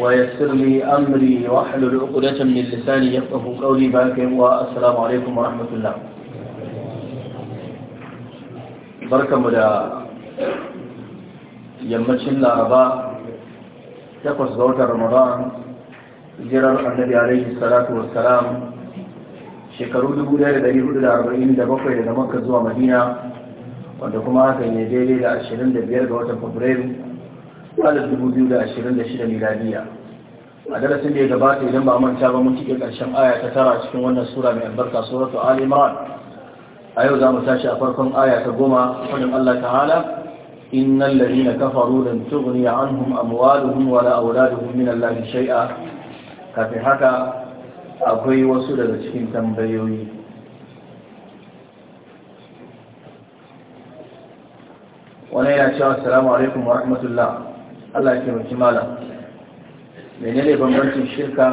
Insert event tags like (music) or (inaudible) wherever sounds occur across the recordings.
ويسر لي أمري واحلل عقدة من لساني يفقه قولي باك والسلام عليكم ورحمة الله بركة مدى يمشن لعرباء تقص زوجة رمضان جرر النبي عليه الصلاة والسلام shekaru dubu daya da da da dari hudu arba'in bakwai daga makka zuwa madina wanda kuma hakan ne daidai da ashirin da biyar ga watan fabrairu 2026 miladiya a darasin da ya gabata idan ba manta ba mun cike karshen aya ta tara cikin wannan sura mai albarka suratu ali imran a yau za mu tashi a farkon aya ta goma fadin Allah ta'ala innal ladina kafaru lan tughni anhum amwaluhum wala auladuhum min Allah shay'a kafin haka akwai wasu daga cikin tambayoyi wani yana cewa assalamu alaikum wa rahmatullah Allah ya taimaki malam menene bambancin shirka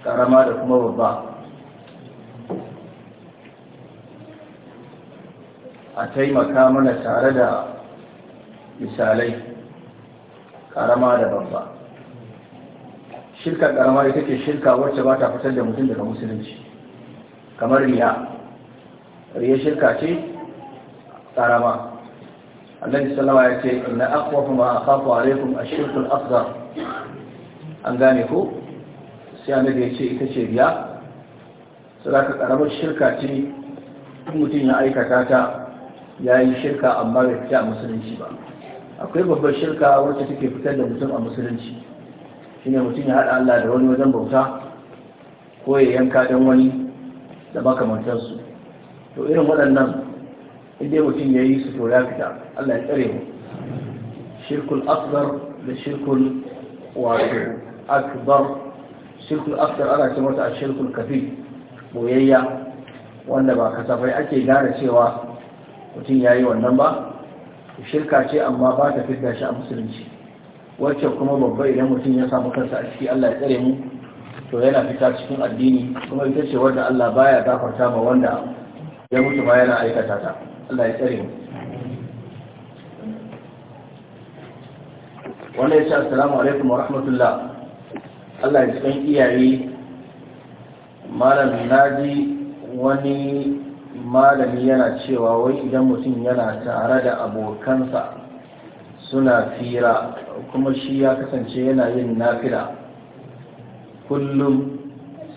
karama da kuma babba a taimaka mana tare da misalai karama da babba shirka karama ita ce shirka wacce ba ta fitar da mutum daga musulunci kamar riya riya shirka ce karama annabi sallama ya ce inna aqwafu ma akhafu alaikum ash a al-asghar an gane ku? sai annabi ya ce ita ce biya sadaka karamar shirka ce mutum ya aikata ta ya yi shirka amma bai fita a musulunci ba akwai babbar shirka wacce take fitar da mutum a musulunci shine mutum ya haɗa Allah da wani wajen bauta ko ya yanka don wani da makamantarsu to irin waɗannan inda mutum ya yi su to ya fita Allah ya tsare mu shirkul akbar da shirkul wato akbar shirkul akbar ana ce mata a shirkul kafi boyayya wanda ba kasafai ake gane cewa mutum ya yi wannan ba shirka ce amma ba ta fita shi a musulunci wacce kuma babba idan mutum ya samu kansa a ciki Allah ya tsare mu to yana fita cikin addini kuma ita ce wanda Allah baya gafarta ma wanda ya mutu ma yana aikata ta Allah ya tsare mu wannan yace assalamu alaikum wa rahmatullah Allah ya cikin iyaye malam naji wani malami yana cewa wai idan mutum yana tare da abokansa suna fira kuma shi ya kasance yana yin nafila kullum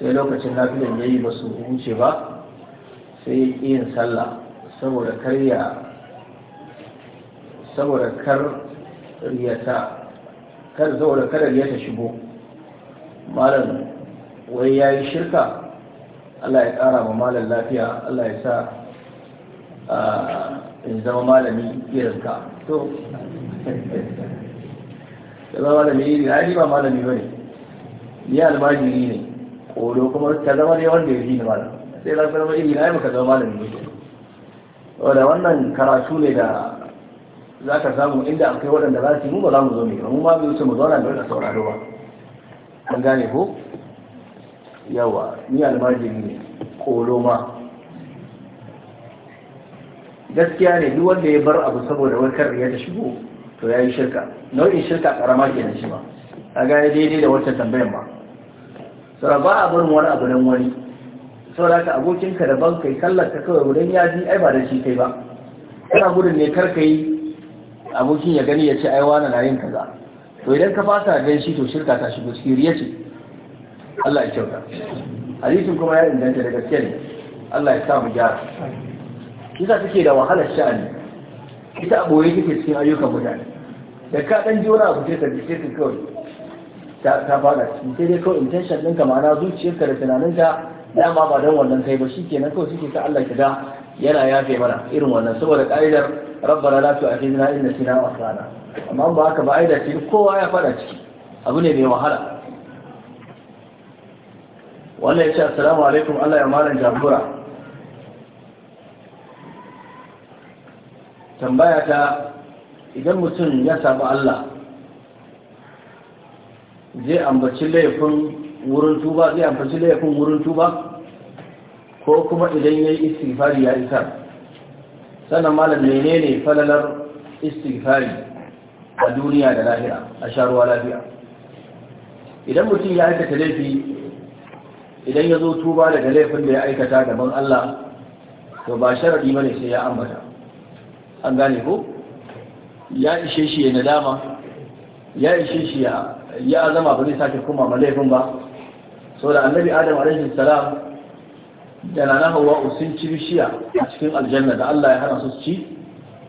sai lokacin nafilan ya yi ba su wuce ba sai yin sallah saboda karya saboda kar riyata kar saboda kar riyata shigo malam wai ya yi shirka Allah ya ƙara ma malam lafiya Allah ya sa in zama malami irinka to (laughs) ya zama malami irin ai ba malami ba ne ni almajiri ne Ko kuma ta zama ne wanda ya fi ni malam sai na zama irin ai ka zama malami ne da wannan karatu ne da za ka samu inda akwai waɗanda za su yi mu ba za mu zo mai mu ma biyu wuce mu zauna da sauraro ba an gane ko yawa ni almajin ne kolo ma gaskiya ne duk wanda ya bar abu saboda wakar ya ta shigo to ya yi shirka nau'in shirka karama nan shi ba a gane daidai da wancan tambayan ba sara ba a barin wani abu nan wani saboda ka abokinka ban kai sallar ka kawai wurin ya ji ai ba da shi kai ba kana gudun ne kar ka yi abokin ya gani ya ce ai wani na yin kaza to idan ka fasa da shi to shirka ta shigo cikin riya ce Allah ya kyauta hadisin kuma ya inganta da gaske ne Allah ya sa mu gyara kisa take da wahalar sha'ani ita aboye kike cikin ayyukan mutane da ka dan ji wani abu sai ka ji sai kawai ta fada cikin sai dai kawai intention ɗinka ma'ana zuciyarka da tunaninka dama ba don wannan kai ba shi ke nan kawai ke ta Allah da yana yafe mana irin wannan saboda ka'idar rabbana la tu'akhidna in nasina wa akhtana amma ba haka ba aida ce kowa ya fada ciki abu ne mai wahala wannan ya ce assalamu alaikum Allah ya malam jagora tambaya ta idan mutum ya sabu Allah zai ambaci laifin wurin tuba zai ambaci laifin wurin tuba ko kuma idan ya yi istighfari ya isar sannan malam ne falalar istighfari a duniya da lahira a sharuwa lafiya idan mutum ya aikata laifi idan ya zo tuba daga laifin da ya aikata gaban Allah to ba sharadi bane sai ya ambata an gane ko ya ishe shi ya nadama ya ishe shi ya azama ba zai sake kuma ma laifin ba da annabi adam alaihi salam da nana hawa sun ci bishiya a cikin aljanna da Allah ya hana su ci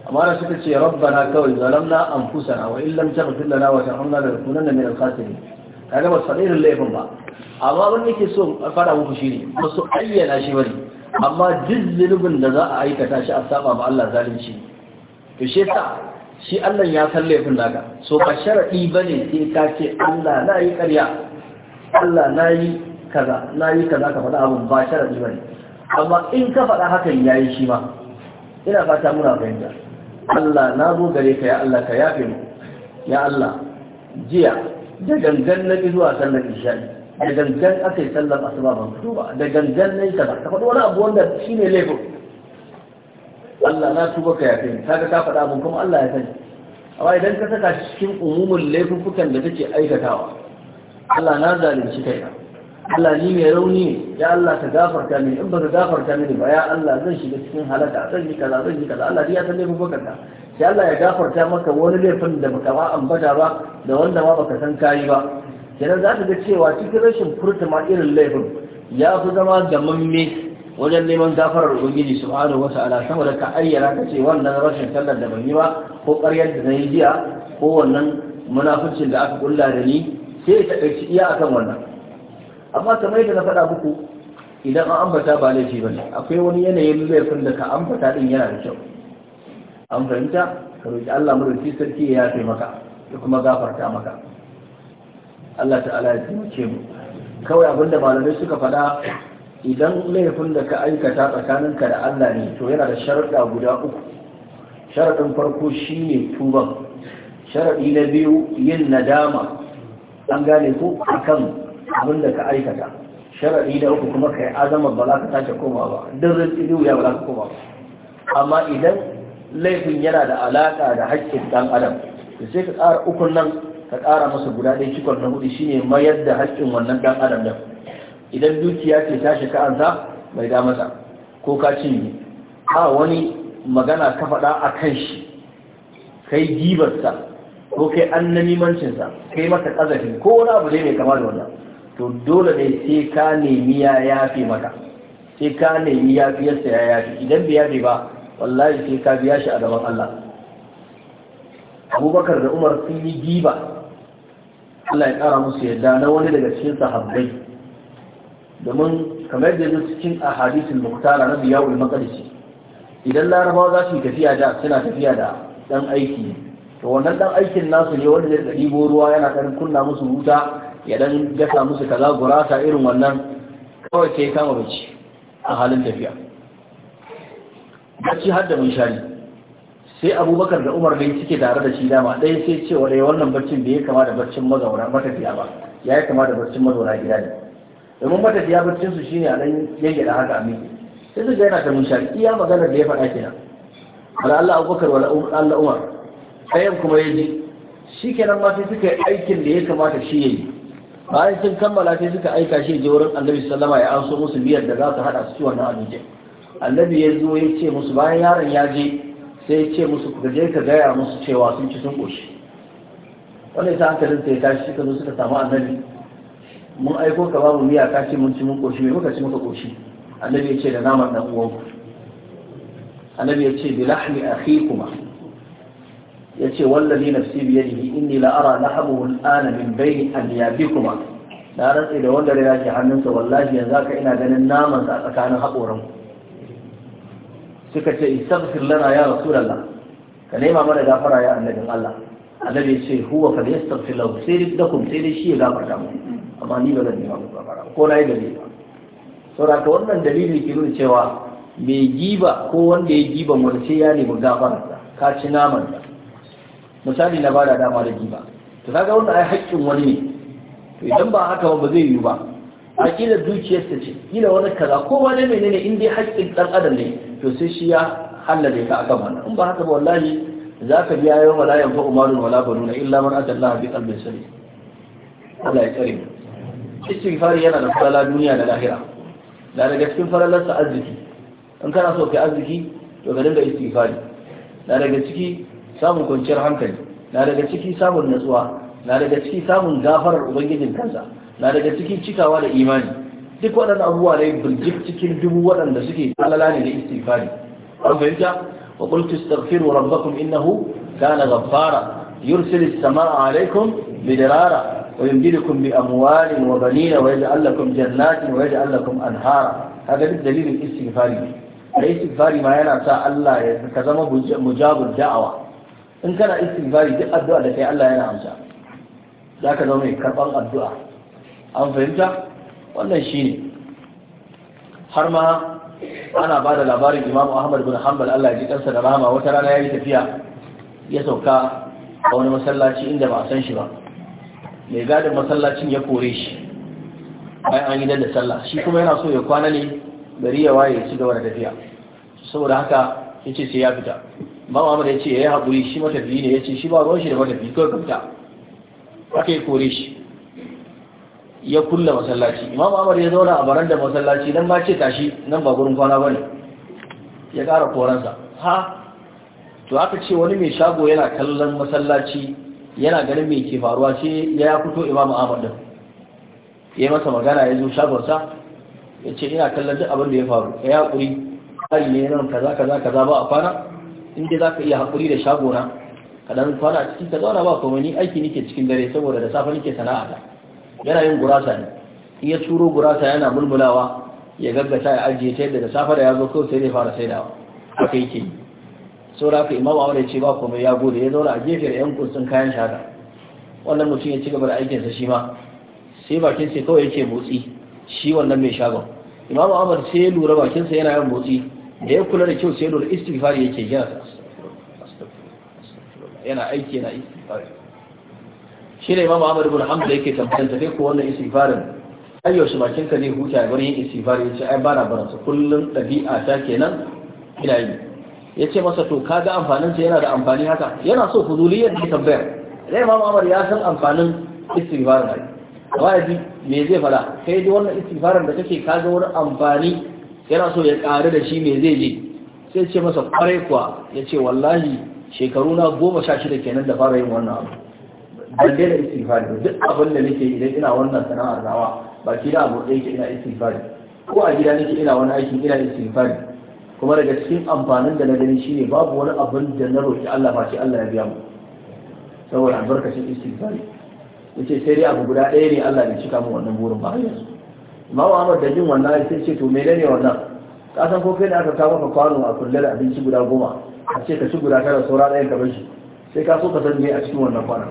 amma da suka ce rabbana kawai zalamna anfusana wa illam taghfir lana wa da lanakunanna min al-khasirin kaga ba sadirin laifin ba amma abin yake so a fara muku ne, ba su ayyana shi bane amma duk zunubin da za a aikata shi a saba ma Allah zalunci to shi yasa shi Allah ya san laifin naka so ba sharadi bane sai ka ce Allah na yi ƙarya Allah na yi kaza na yi kaza ka faɗa abin ba sharaɗi ba ne amma in ka faɗa hakan ya yi shi ma ina fata muna fahimta Allah na zo gare ka ya Allah ka yafe mu ya Allah jiya da gangan na zuwa sallar isha'i da gangan aka yi sallar asuba ban fito ba da gangan na yi kaza ka faɗi wani abu wanda shi ne laifin Allah na tuba ka yafe mu kaga ka faɗa abin kuma Allah ya sani amma idan ka saka cikin umumin laifukan da take aikatawa Allah na zalunci kai Allah ni mai rauni ya Allah ka gafarta mini in baka gafarta mini ba ya Allah zan shiga cikin halaka zan yi kaza zan yi kaza Allah ya san laifin bakarka sai Allah ya gafarta maka wani laifin da baka ba ambata ba da wanda ma baka san kai ba kenan za ka ga cewa cikin rashin furta ma irin laifin ya fi zama gamamme wajen neman gafarar ubangiji subhanahu wata'ala saboda ka ayyana ka ce wannan rashin sallar da ban yi ba ko ƙaryar da na yi jiya ko wannan munafurcin da aka kulla da ni sai ta ɗauki iya kan wannan amma kamar yadda na faɗa muku idan an ambata ba laifi ba ne akwai wani yanayin laifin da ka ambata ɗin yana da kyau an fahimta ka roƙi Allah mulki sarki ya yafe maka da kuma gafarta maka Allah ta'ala ya taimake mu kawai abinda malamai suka faɗa idan laifin da ka aikata tsakaninka da Allah ne to yana da sharaɗa guda uku sharaɗin farko shine tuban sharaɗi na biyu yin nadama an gane ko akan abin da ka aikata sharaɗi da uku kuma ka yi azamar ba za ka tashi koma ba duk rinsu wuya ba za ka koma ba amma idan laifin yana da alaƙa da haƙƙin ɗan adam to sai ka ƙara ukun nan ka ƙara masa guda ɗaya cikon na hudu shine mayar da haƙƙin wannan ɗan adam nan. idan dukiya ce ta ka ansa bai da masa ko ka cinye a wani magana ka faɗa a kan shi kai gibarsa ko kai an namimancinsa kai maka ƙazafi ko wani abu ne mai kama da wannan to dole ne sai ka nemi ya yafe maka sai ka nemi ya fiyarsa ya yafe idan bai yafe ba wallahi sai ka biya shi a gaban Allah abubakar da umar sun yi giba Allah ya ƙara musu yadda na wani daga cikin sahabbai domin kamar da cikin a hadisin muktara na biyawul makalici idan larabawa za su yi tafiya da suna tafiya da ɗan aiki to wannan dan aikin nasu ne wanda zai ɗibo ruwa yana ɗan kunna musu wuta ya dan gasa musu kaza gurasa irin wannan kawai sai kama bacci a halin tafiya bacci har da mun shari sai abubakar da umar dai suke tare da shi dama ɗaya sai cewa dai wannan baccin bai kama da baccin mazauna matafiya ba ya yi kama da baccin mazauna gida ne domin matafiya baccin su shine a dan da haka a miki sai su ga yana ta mun shari iya magana da ya faɗa kenan wala Allah Abubakar wala Allah Umar ɗayan kuma ya ji shi kenan ma sai suka yi aikin da ya kamata shi ya yi bayan sun kammala sai suka aika shi je wurin annabi sallama ya an so musu biyar da za su haɗa su ci wannan abincin annabi ya zo ya ce musu bayan yaron ya je sai ya ce musu ku je ka gaya musu cewa sun ci sun ƙoshi wannan yasa hankalin sai ya tashi suka zo suka samu annabi mun aiko ka babu miya ka ce mun ci mun ƙoshi me muka ci muka ƙoshi annabi ya ce da naman dan uwanku annabi ya ce bi lahmi kuma. ya ce wallazi nafsi biyadihi inni la ara nahabu al'ana min bayni anyabikum na rantsi da wanda ya ke hannunsa wallahi yanzu haka ina ganin naman sa tsakanin haƙoran suka ce istaghfir lana ya rasu lalla. ka nema mana gafara ya annabin Allah annabi ya ce huwa fa yastaghfir lahu sai da kun sai dai shi ya gafarta mu amma ni ba zan nema muku gafara ko na yi dalili ba saboda ka wannan dalilin ke nuna cewa mai giba ko wanda ya giba wani sai ya nemi gafararsa ka ci naman sa misali na bada dama da giba to kaga wannan ai haƙƙin wani ne to idan ba haka ba zai yi ba a kila dukiyarsa ce ƙila wani kaza ko wani menene in dai haƙƙin ɗan adam ne to sai shi ya hallale ka akan wannan in ba haka ba wallahi za ka biya yau wala yanfa umarun wala banuna illa man ata Allah bi qalbin salim Allah ya tsare mu istighfari yana da falala duniya da lahira da daga cikin falalarsa arziki in kana so kai arziki to ka dinga istighfari Da daga ciki samun kwanciyar hankali na daga ciki samun natsuwa na daga ciki samun gafarar ubangijin kansa na daga ciki cikawa da imani duk waɗannan abubuwa ne burjik cikin dubu waɗanda suke alala ne da istighfari an fahimta wa qultu astaghfiru rabbakum innahu kana ghaffara yursilu as-samaa alaykum bidirara wa yumdidukum bi amwalin wa banina wa yaj'al lakum jannatin wa yaj'al lakum anhara hada duk dalilin istighfari ne istighfari ma yana sa Allah ya ka zama mujabul da'awa in kana istighfari duk addu'a da kai Allah yana amsa za ka zama mai karɓar addu'a an fahimta wannan shine. har ma ana ba da labarin imamu ahmad bin hanbal Allah ya ji kansa da Rahama. wata rana ya yi tafiya ya sauka a wani masallaci inda ba a san shi ba mai gadin masallacin ya kore shi bayan an yi da sallah shi kuma yana so ya kwana ne gari ya waye ya ci gaba da tafiya saboda haka ya ce sai ya fita imam Ahmad ya ce ya yi haƙuri shi matafi ne ya ce shi ba ruwan shi da matafi kawai kamta aka yi kore shi ya kulla masallaci imam Ahmad ya zauna a barandar masallaci nan ba ce tashi nan ba gurin kwana bane ya ƙara koransa ha to aka ce wani mai shago yana kallon masallaci yana ganin mai ke faruwa ce ya fito imam amur din ya yi masa magana ya zo shagonsa ya ce ina kallon duk abin da ya faru ya yi haƙuri ƙari ne nan kaza kaza kaza ba a kwana inda za ka iya haƙuri da shagora ka dan kwana a cikin ta zauna ba kuma ni aiki nake cikin dare saboda da safe nake sana'a ta yana yin gurasa ne in ya turo gurasa yana mulmulawa ya gaggata ya ajiye ta yadda da safe da ya zo kawai sai zai fara saidawa haka yake yi da ka imam awar ce ba kuma ya gode ya zauna a gefe da yan kursun kayan shaka wannan mutum ya ci gaba da aikinsa shi ma sai bakin sai kawai yake motsi shi wannan mai shagon imam ahmad sai ya lura bakinsa yana yin motsi da ya kula da kyau sai lura istighfar yake yi yana aiki yana istifari shi ne imamu amr ibn hamza yake tambayanta dai ko wannan istifarin ai yaushe bakin ka zai huta ya bar yin istighfari yace ai bana barin sa kullun dabi'a ta kenan ina yi yace masa to kaga amfanin sa yana da amfani haka yana so fuzuliyar da tambayar dai imamu amur ya san amfanin istifarin ai amma yaji me zai fada kai da wannan istifarin da kake kaga wani amfani yana so ya ƙaru da shi me zai je sai ce masa kwarai kuwa ya ce wallahi shekaru na goma sha shida kenan da fara yin wannan abu ban daina istighfari duk abin da nake idan ina wannan sana'ar zawa, ba ki da abu ɗaya ina istighfari ko a gida nake ina wani aikin ina istighfari kuma daga cikin amfanin da na gani shine babu wani abin da na roki Allah ba ce Allah ya biya mu saboda albarkacin istighfari yace sai dai abu guda ɗaya ne Allah bai cika mu wannan burin ba yanzu Imam Ahmad da jin wannan sai ce to menene wannan ka san ko kai da aka kawo maka kwano a kullar abinci guda goma a ce ka ci guda tara saura ɗayan ka bashi sai ka so ka san me a cikin wannan kwana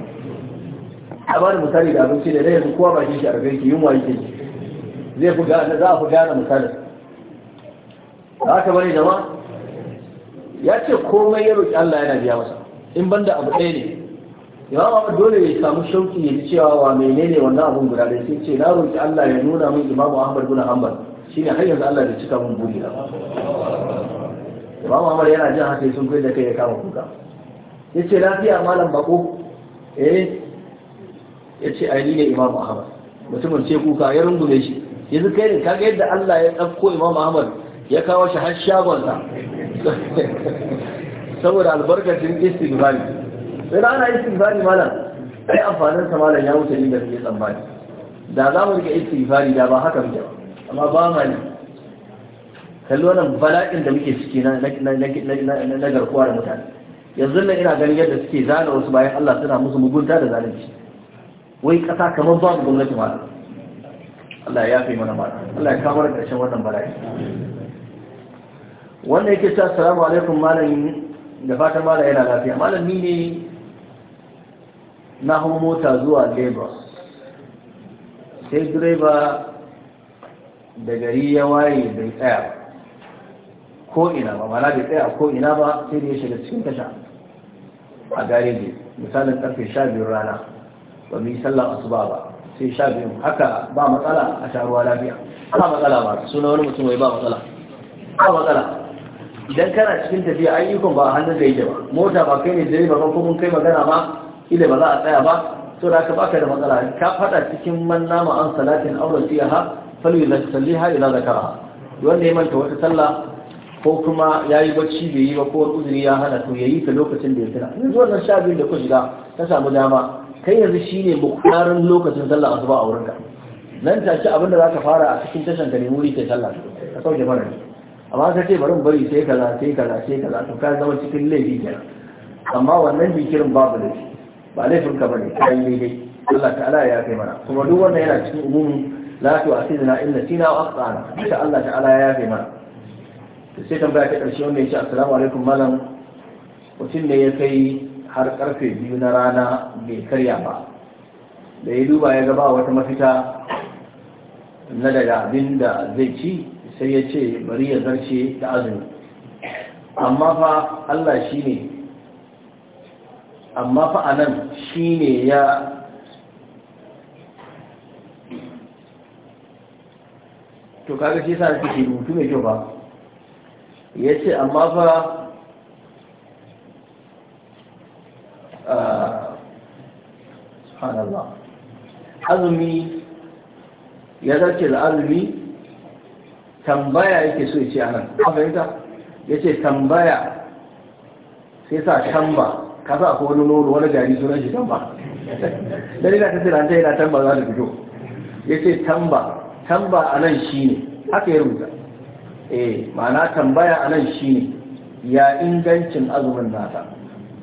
a ba da misali da abinci da yanzu kowa ba shi a rufe ki yunwa yake zai fi gane za a fi gane misalin da haka bane jama ya ce komai ya roƙi Allah yana biya masa in banda abu ɗaya ne imam abu dole ya samu shauki ya ji cewa wa menene wannan abun guda ɗaya sai ce na roƙi Allah ya nuna min imamu Ahmad bin Hanbal shine har yanzu Allah ya cika mun buri ba imam Umar yana jin haka sun kai da kai ya kama kuka Ya ce lafiya malam bako eh ya ce ni ne imam Ahmad mutumin ce kuka ya rungume shi yanzu kai ne kaga yadda Allah ya ɗauko imam Ahmad ya kawo shi har shagonsa (laughs) saboda albarkacin istighfari sai ana istighfari malam ai amfanin sa malam ya wuce ni da ke tsammani da za mu istin istighfari da ba haka muke ba amma ba ma ne kalli wannan bala'in da muke ciki na garkuwa da mutane yanzu nan ina ganin yadda suke zana wasu bayan Allah suna musu mugunta da zalunci wai kasa kamar ba babu gwamnati ma Allah ya fi mana ma Allah ya kawo da ƙarshen wannan bala'i wannan yake cewa assalamu alaikum malami da fatan malam yana lafiya Malami ne na hau mota zuwa Lagos sai direba da gari ya waye bai tsaya ba ko ina ba mana bai tsaya ko ina ba sai da ya shiga cikin tasha a gare gareji misalin karfe sha biyun rana ba mu yi sallar asuba ba sai sha biyun haka ba matsala a sharuwa lafiya ba matsala ba suna wani mutum wai ba matsala ba matsala idan kana cikin tafiya ayyukan ba a hannun da yake ba mota ba kai ne dare ba ko mun kai magana ba ile ba za a tsaya ba to da ka baka da matsala ka fada cikin man nama an salatin aure siyaha falu yusalliha ila zakara wanda ya manta wata sallah ko kuma ya yi bacci bai yi ba ko uzuri ya hana to ya yi ta lokacin da ya tuna yanzu wannan sha biyun da ku shiga ta samu dama kai yanzu shi ne bukutarin lokacin sallah asuba a wurinka nan tashi abinda za ka fara a cikin tashan ka nemi wuri kai sallah ka sauke mana amma ka ce bari bari sai kaza sai kaza sai kaza to ka zama cikin laifi kenan amma wannan bikirin babu laifi ba laifin ka bane kai daidai Allah ta'ala ya kai mana kuma duk wannan yana cikin umumin la na illa sina wa akhtana insha Allah ta'ala ya kai mana da sai tambaya ta ƙarshe wanda ya ce assalamu alaikum malam mutum ne ya kai har karfe biyu na rana bai karya ba da ya duba ya gaba wata mafita na daga abin da zai ci sai ya ce bari ya zarce da azumi amma fa Allah shi ne amma fa a nan shi ne ya to kaga shi sa da ke rubutu mai kyau ba ya ce amma fa subhanallah azumi ya zarce da azumi tambaya yake so ya ce anan fahimta ya ce tambaya sai sa tamba ka sa ko wani nono wani gari sunan shi tamba dan riga ta tsiranta yana tamba za ta fito ya ce tamba tamba anan shi ne haka ya rubuta eh ma'ana tambaya a nan shi ne ya ingancin azumin nata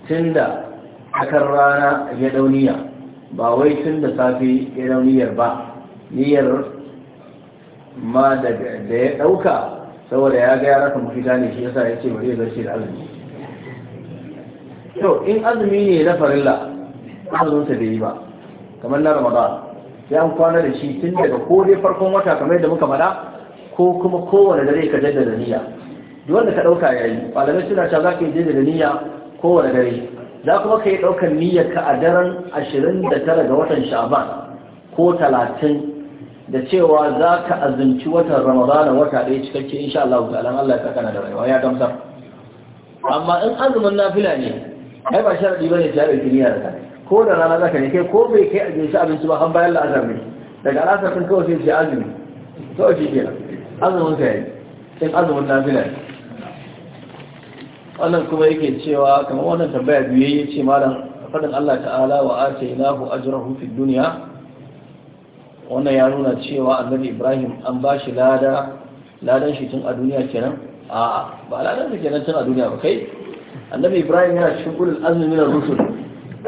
tun da rana ya dauniya ba wai tun da safe ya dauniyar ba niyyar ma da ya ɗauka saboda ya ga ya mu fita ne shi yasa ya ce bari zai zarce da azumi to in azumi ne na farilla azumin sa bai yi ba kamar na ramadan sai an kwana da shi tun daga ko dai farkon wata kamar yadda muka faɗa ko kuma kowane dare ka jaddada niyya duk wanda ka dauka yayi malamai suna cewa za ka yi jaddada niyya kowane dare za kuma ka yi daukar niyyar ka a daren 29 ga watan sha'ban ko 30 da cewa za ka azumci watan ramadana wata ɗaya cikakke insha Allah ta'ala Allah ya kana da rayuwa ya gamsar amma in azumin nafila ne ai ba sharadi bane ta yi niyyar ka ko da rana zaka ne kai ko bai kai a abinci ba har bayan la'azar ne daga la'asar sun kawai sai azumi kawai shi kenan azumin ka yi in azumin lafiya wannan kuma yake cewa kamar wannan tambaya biyu ya ce malam faɗin Allah ta'ala wa atainahu ajrahu fid dunya wannan ya nuna cewa annabi Ibrahim an ba shi lada ladan shi tun a duniya kenan a ba ladan shi kenan tun a duniya ba kai annabi Ibrahim yana cikin ulul azmi min rusul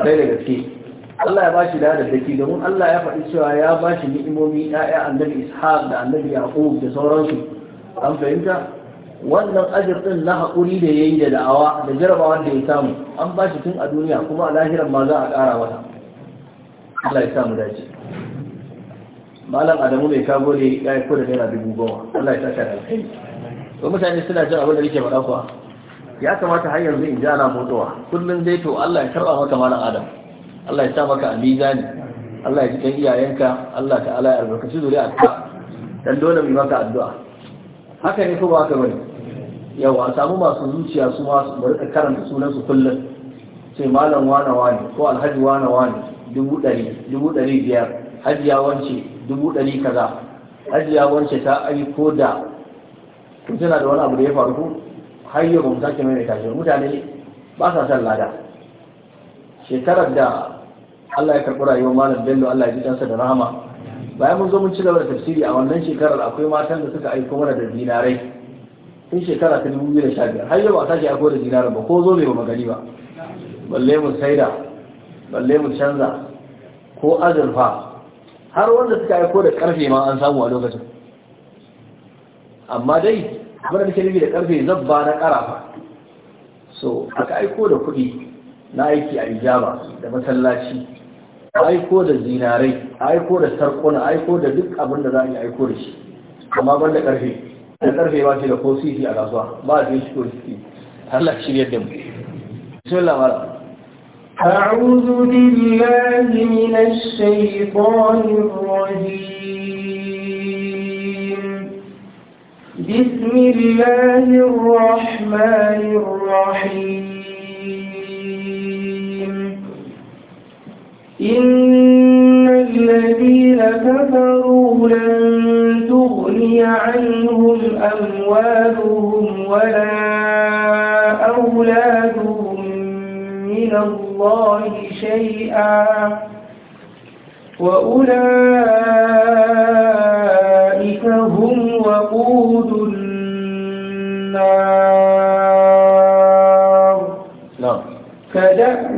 kai da gaske Allah ya bashi da dadaki domin Allah ya faɗi cewa ya bashi ni'imomi ɗaya annabi Ishaq da annabi Yaqub da sauransu an fahimta wannan ajir din na haƙuri da yayi da da'awa da jarabawar da ya samu an bashi tun a duniya kuma a lahiran ma za a ƙara masa Allah ya samu dace malam Adamu mai kago ne ya yi kodin naira dubu goma Allah ya saka da alheri to mutane suna jin abin da yake faɗa kuwa ya kamata har yanzu in ji ana motsuwa kullum dai to Allah ya karɓa maka malam Adamu. Allah ya sa maka a mizani Allah ya cikin iyayenka Allah ta'ala ya albarkaci ta. dan dole mu maka addu'a haka ne ko ba haka bane yawa a samu masu zuciya su ma su rika karanta sunan su kullum sai malam wana wani ko alhaji wana wani dubu ɗari dubu ɗari biyar hajiya wance dubu ɗari kaza hajiya wance ta ko da tana da wani abu da ya faru ko har yau ba mu sake mai tashi mutane ba sa son lada shekarar da Allah ya karɓi rayuwar malam Bello Allah ya ji ɗansa da rahama bayan mun zo mun ci gaba da tafsiri a wannan shekarar akwai matan da suka aiko mana da dinarai tun shekara ta dubu biyu da sha biyar har yau ba sake aiko da dinarai ba ko zo bai ba magani ba balle mu saida balle mu canza ko azurfa har wanda suka aiko da karfe ma an samu a lokacin amma dai abin da nake nufi da karfe zabba na karafa so aka aiko da kuɗi na aiki a ijaba da masallaci aiko da zinarai aiko da sarkuna aiko da duk abin da za a yi aiko da shi amma ban da karfe da karfe ba shi da ko sisi a kasuwa ba a fi shi ko sisi Allah shirya da mu bismillah mala أعوذ بالله من الشيطان الرجيم Rahim, الله الرحمن إن الذين كفروا لن تغني عنهم أموالهم ولا أولادهم من الله شيئا وأولئك هم وقود النار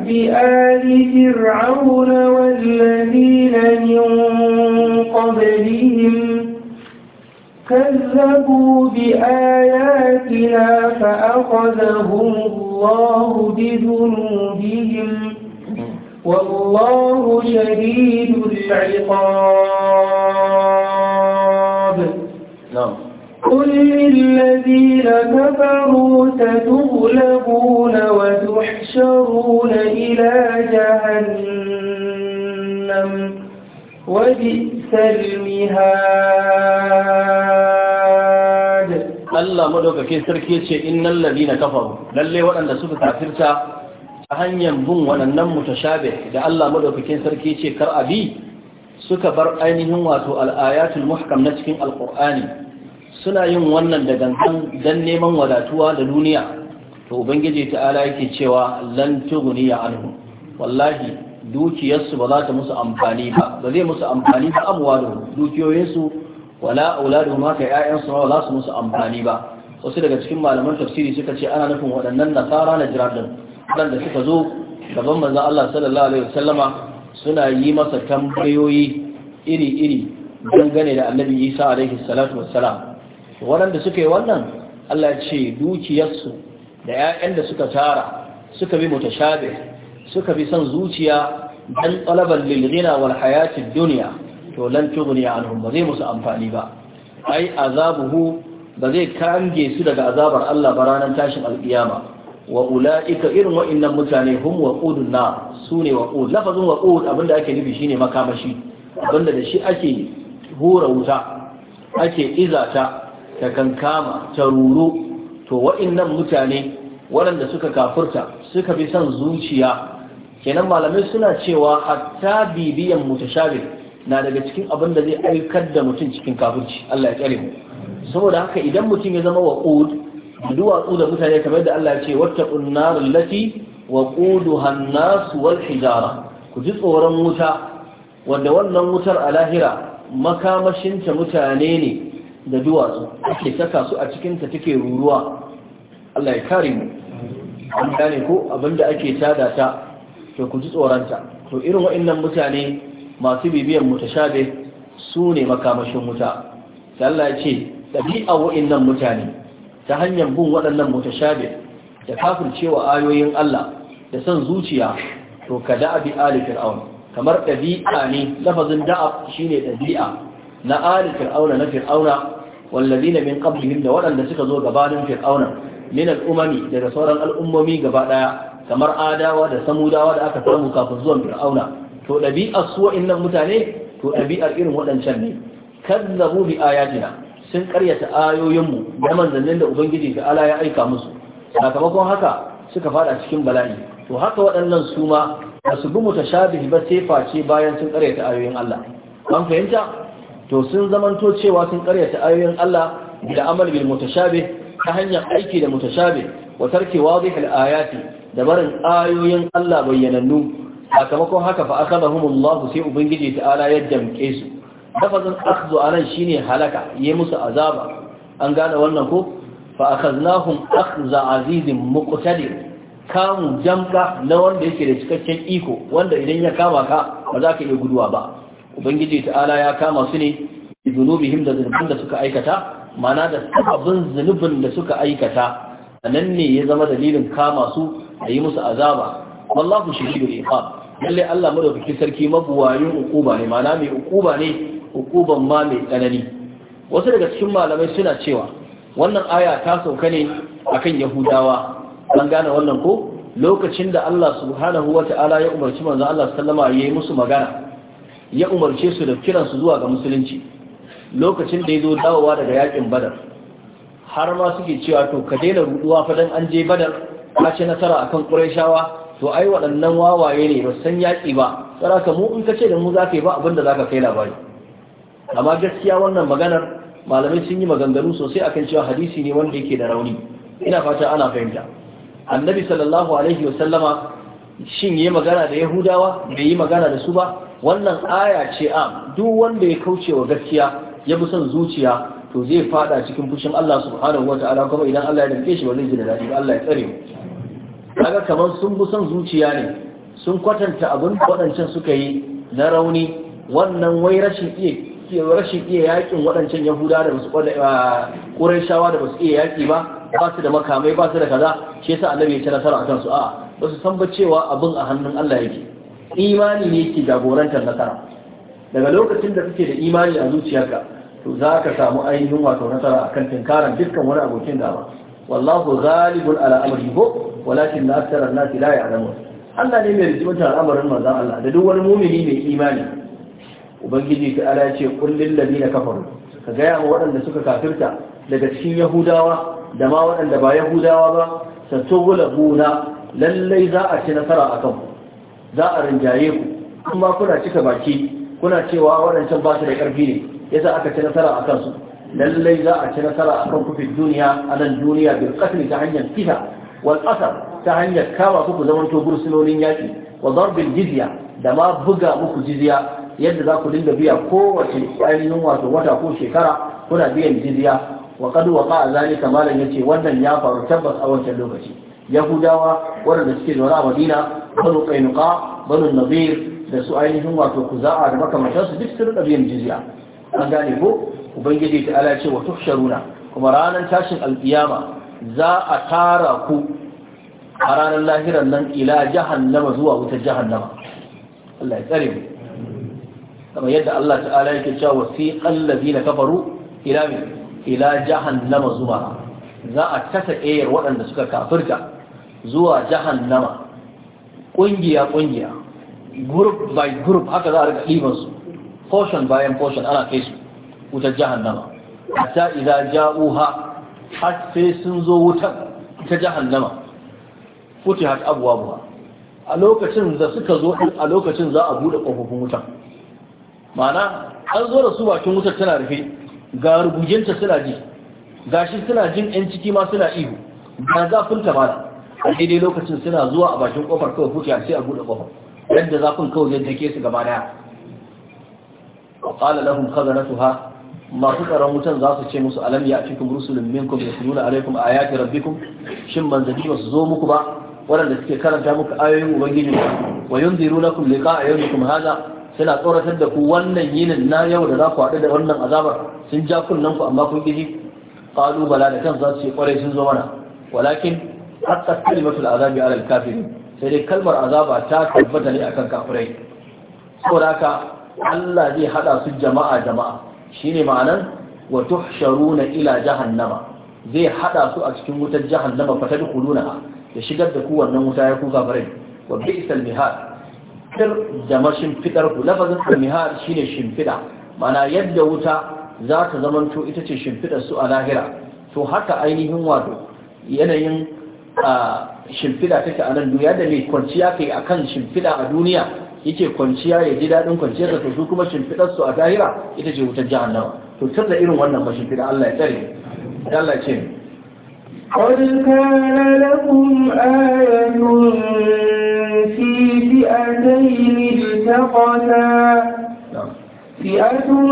بآل فرعون والذين من قبلهم كذبوا بآياتنا فأخذهم الله بذنوبهم والله شديد العقاب نعم قل للذين كفروا ستغلبون وتحشرون إلى جهنم وبئس المهاد الله مدوكاكي سركي يتشي إن الذين كفروا للي وأن سوف تعفرتا hanyar bin waɗannan mutashabih da Allah madaukakin sarki ce kar abi suka bar ainihin wato al'ayatul muhkam na cikin alqur'ani suna yin wannan da gangan dan neman wadatuwa da duniya to ubangiji ta'ala yake cewa lan tughniya anhu wallahi dukiyarsu ba za ta musu amfani ba ba zai musu amfani ba amwalu dukiyoyinsu wala auladuhum haka ƴaƴansu ba za su musu amfani ba wasu daga cikin malaman tafsiri suka ce ana nufin waɗannan nasara na jiradin waɗanda suka zo gaban manzon Allah sallallahu alaihi wasallama suna yi masa tambayoyi iri-iri dangane da annabi Isa alaihi salatu wassalam waɗanda suka yi wannan Allah ce dukiyarsu da 'ya'yan da suka tara suka bi mutashabih suka bi son zuciya dan talaban lil ghina wal hayatid dunya to lan tughni anhum ba zai musu amfani ba ai azabuhu ba zai kange su daga azabar Allah ba ranar tashin alkiyama wa ulaika irin wa'annan mutane hum waqudun na sune waqud lafazin waqud abinda ake nufi shine makamashi abinda da shi ake hura wuta ake ta ta kankama ta ruru, to wa'innan mutane waɗanda suka kafurta suka fi son zuciya kenan malamai suna cewa hatta bibiyan mutashabih na daga cikin abin da zai aikar da mutum cikin kafurci Allah ya tsare mu saboda haka idan mutum ya zama waqud duwatsu da mutane kamar da Allah ya ce wattaqun narul lati waquduha an-nas wal hijara ku ji tsoron wuta wanda wannan wutar a lahira makamashinta mutane ne da duwatsu ake saka su a cikin ta take ruruwa Allah ya kare mu an gane ko abinda ake tada ta to ku ji tsoranta to irin waɗannan mutane masu bibiyan mutashabe su ne makamashin wuta sai Allah ya ce ɗabi'a wa'annan mutane ta hanyar bin waɗannan mutashabe da kafircewa ayoyin Allah da son zuciya to ka da'abi ali fir'aun kamar ɗabi'a ne lafazin da'ab shine ɗabi'a na ali fir'auna na fir'auna wallazina min qablihim da waɗanda suka zo gabanin fir'auna min umami, daga sauran al'ummomi gaba daya kamar adawa da samudawa da aka samu kafin zuwan fir'auna to ɗabi'ar su wa'annan mutane to ɗabi'ar irin waɗancan ne kazzabu bi ayatina sun karyata mu da manzannin da ubangiji ga ala ya aika musu sakamakon haka suka fada cikin bala'i to haka waɗannan su ma ba su bi mutashabihi ba sai face bayan sun karyata ayoyin Allah an fahimta to sun zamanto cewa sun karyata ayoyin Allah da amal bil mutashabih ta hanyar aiki da mutashabih wa tarki wadih al ayati da barin ayoyin Allah bayyanannu sakamakon haka fa akadahumullahu sai ubangiji ta'ala ya jamke su lafazin akhdhu anan shine halaka yi musu azaba an gane wannan ko fa akhadnahum akhdha azizin muqtadir kamu jamka na wanda yake da cikakken iko wanda idan ya kama ka ba za ka iya guduwa ba ubangiji ta'ala ya kama su ne zunubihim da zunubin da suka aikata mana da sababin zunubin da suka aikata nan ne ya zama dalilin kama su a yi musu azaba wallahu shahidul iqab lalle Allah mu madaukakin sarki mabuwayin ukuba ne mana mai ukuba ne ukuban ma mai tsanani wasu daga cikin malamai suna cewa wannan aya ta sauka ne akan yahudawa an gane wannan ko lokacin da Allah subhanahu wata'ala ya umarci manzo Allah sallama ya yi musu magana ya umarce su da kiran su zuwa ga musulunci lokacin da ya zo dawowa daga yakin badar har ma suke cewa to ka daina ruduwa fadan an je badar ka ci nasara akan qurayshawa to ai waɗannan wawaye ne ba san yaki ba tsara ka mu in ka ce da mu za ka yi ba abin da za ka kai labari amma gaskiya wannan maganar malamai sun yi maganganu sosai akan cewa hadisi ne wanda yake da rauni ina fata ana fahimta annabi sallallahu alaihi wasallama shin yayi magana da yahudawa bai yi magana da su ba wannan aya ce a duk wanda ya kauce wa gaskiya ya bi son zuciya to zai fada cikin fushin Allah subhanahu Ta'ala, kuma idan Allah ya dake shi ba zai ji da dadi ba Allah ya tsare mu kaga kamar sun bi son zuciya ne sun kwatanta abin waɗancan suka yi na rauni wannan wai rashin iya rashin iya yakin waɗancan yahuda da basu ƙurayshawa da basu iya yaki ba ba su da makamai ba su da kaza shi yasa annabi ya ci nasara akan su a ba su san ba cewa abin a hannun Allah yake imani ne ke jagorantar nasara daga lokacin da kake da imani a zuciyarka to za ka samu ainihin wato nasara a kan tinkarar dukkan wani abokin gaba wallahu ghalibun ala amrihi walakin la akthara an-nasi la ya'lamun Allah ne mai rijimta al'amarin maza Allah da duk wani mumini mai imani ubangiji ta ala ce kullil ladina kafaru ka ga yawa waɗanda suka kafirta daga cikin yahudawa da ma waɗanda ba yahudawa ba na, lallai za a ci nasara akan ku za a rinjaye ku kuma kuna cika baki kuna cewa waɗancan ba su da ƙarfi ne ya yasa aka ci nasara a kansu lallai za a ci nasara a kan kufin duniya a nan duniya bil qatl ta hanyar kisa wal ta hanyar kama ku zamanto bursunonin yaki. wa zarbil jizya da ma buga muku jizya yadda za ku dinga biya kowace ainihin wato wata ko shekara kuna biyan jizya wa qad waqa zalika malan yace wannan ya faru tabbas a wancan lokaci yahudawa waɗanda suke zaune a madina banu qainuqa banu nadir da su ainihin wato kuza'a da makamantansu duk sirrin rika biyan jizya an gane ko ubangiji ta ala ce wa tuhsharuna kuma ranar tashin alkiyama za a tara ku a ranar lahiran nan ila jahannama zuwa wuta jahannama Allah ya tsare mu kama yadda Allah ta'ala yake cewa wasiqal ladina kafaru ila min ila jahannama zuwa za a tasa ayar waɗanda suka kafirta zuwa jahannama ƙungiya ƙungiya group by group haka za a riga ɗiban su portion bayan portion ana kai su wutar jahannama hatta idan ja'uha har sai sun zo wutar ta jahannama abuwa abwabuha a lokacin da suka zo a lokacin za a bude kofofin wutar mana an zo da su bakin wutar tana rufe ga rubujinta suna ji gashi suna jin yan ciki ma suna ihu ga zafin ta mala a daidai lokacin suna zuwa a bakin kofar kawai a sai a buɗe kofar yadda zafin kawai zai take su gaba daya wa qala na tuha, masu tsaron wutan za su ce musu alam ya cikin rusulun minkum yasluna alaikum ayati rabbikum shin manzanni ba su zo muku ba waɗanda suke karanta muku ayoyin ubangiji wa yunziru lakum liqa'a yawmikum hadha suna tsoratar da ku wannan yinin na yau da za ku haɗu da wannan azabar sun ja kunnen ku amma kun ƙiji ƙalu bala da kan za su yi ƙwarai sun zo mana walakin hatta kalimatul azabi ala al sai dai kalmar azaba ta tabbata ne akan kafirai saboda haka Allah zai hada su jama'a jama'a shine ma'anan wa tuhsharuna ila jahannama zai hada su a cikin wutar jahannama fa tadkhuluna ya shigar da ku wannan wuta ya ku kafirai wa bi'sal mihad kir jamashin fitar ku lafazin mihad shine shimfida mana yadda wuta za ta zamanto ita ce shimfidar su a lahira to haka ainihin wato yanayin a shimfida take a nan duniya da mai kwanciya kai kan shimfida a duniya yake kwanciya ya ji daɗin kwanciyarsa to su kuma shimfidar a zahira ita ce wutar nawa to tun da irin wannan ba shimfida Allah ya tsare Allah ce قد كان لكم آية في فئتين التقتا فئة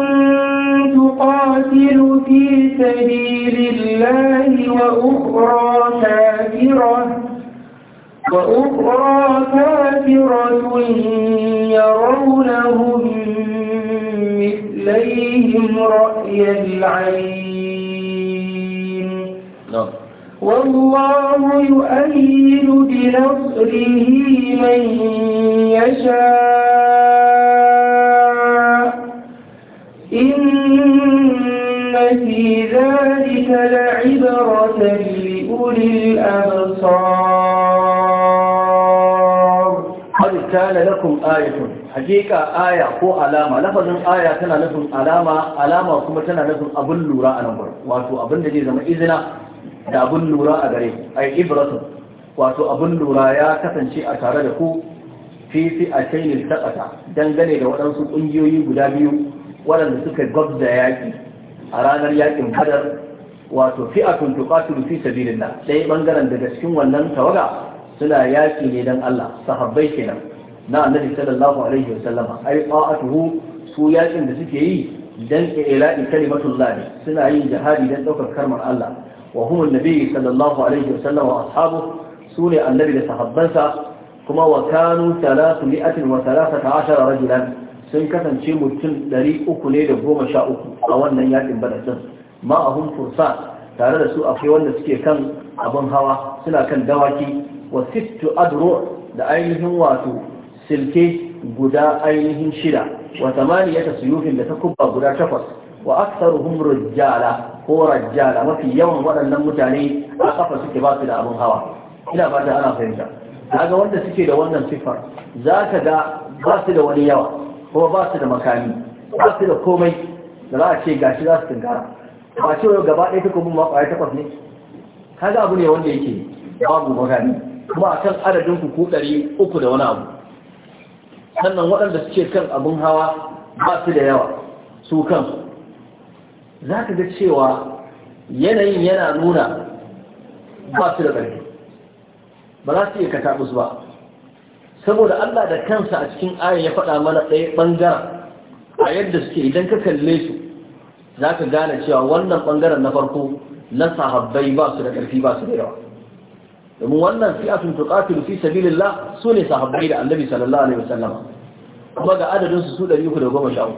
تقاتل في سبيل الله وأخرى كافرة وأخرى كافرة يرونهم مثليهم رأي العين نعم. والله يؤيد بنصره من يشاء في ذلك لعبرة لأولي الأبصار قد كان لكم آية حقيقة آية هو علامة لفظ آية تنا لكم علامة علامة وكما تنا لكم أبن لوراء نمبر واتو أبن لدي زمن إذنا da abin lura a gare ai ibratun wato abin lura ya kasance a tare da ku fi fi a shainin taɓata dangane da waɗansu ƙungiyoyi guda biyu waɗanda suka gwabza yaƙi a ranar yakin hadar, wato fi'atun tuqatilu fi sabilillah sai bangaren daga cikin wannan tawaga suna yaki ne dan Allah sahabbai kenan na annabi sallallahu alaihi wasallama ai ta'atuhu su yakin da suke yi dan ila'i kalimatullah suna yin jihadi dan daukar karmar Allah wa hum annabi sallallahu alaihi wasallama wa ashabu su ne annabi da sahabbansa kuma wa kanu 313 rajulan sun kasance mutum 313 a wannan yakin badasin ma a hun tare da su akwai wanda suke kan abin hawa suna kan dawaki wa sittu adro da ainihin wato silke guda ainihin shida wa ta suyufin da ta kubba guda takwas wa aktsaruhum rujjala ko rajjala mafi yawan waɗannan mutane a kafa suke ba su da abin hawa ina fata ana fahimta kaga wanda suke da wannan sifar za ka ga ba su da wani yawa kuma ba su da makami ba su da komai da za a ce gashi za su tunkara ba ce wani gaba ɗaya kuma ba ƙwaya takwas ne kaga abu ne wanda yake babu makami kuma akan adadin ku ko ɗari uku da wani abu sannan waɗanda suke kan abin hawa ba su da yawa su kan. za ka ga cewa yanayin yana nuna ba su da ƙarfi ba za su iya kataɓus ba saboda Allah da kansa a cikin ayan ya faɗa mana ɗaya ɓangaren a yadda suke idan ka kalle su za ka gane cewa wannan ɓangaren na farko na sahabbai ba su da ƙarfi ba su da yawa domin wannan fi'atun tuqatilu fi sabilillah su ne sahabbai da annabi sallallahu alaihi wasallam kuma ga adadin su su 313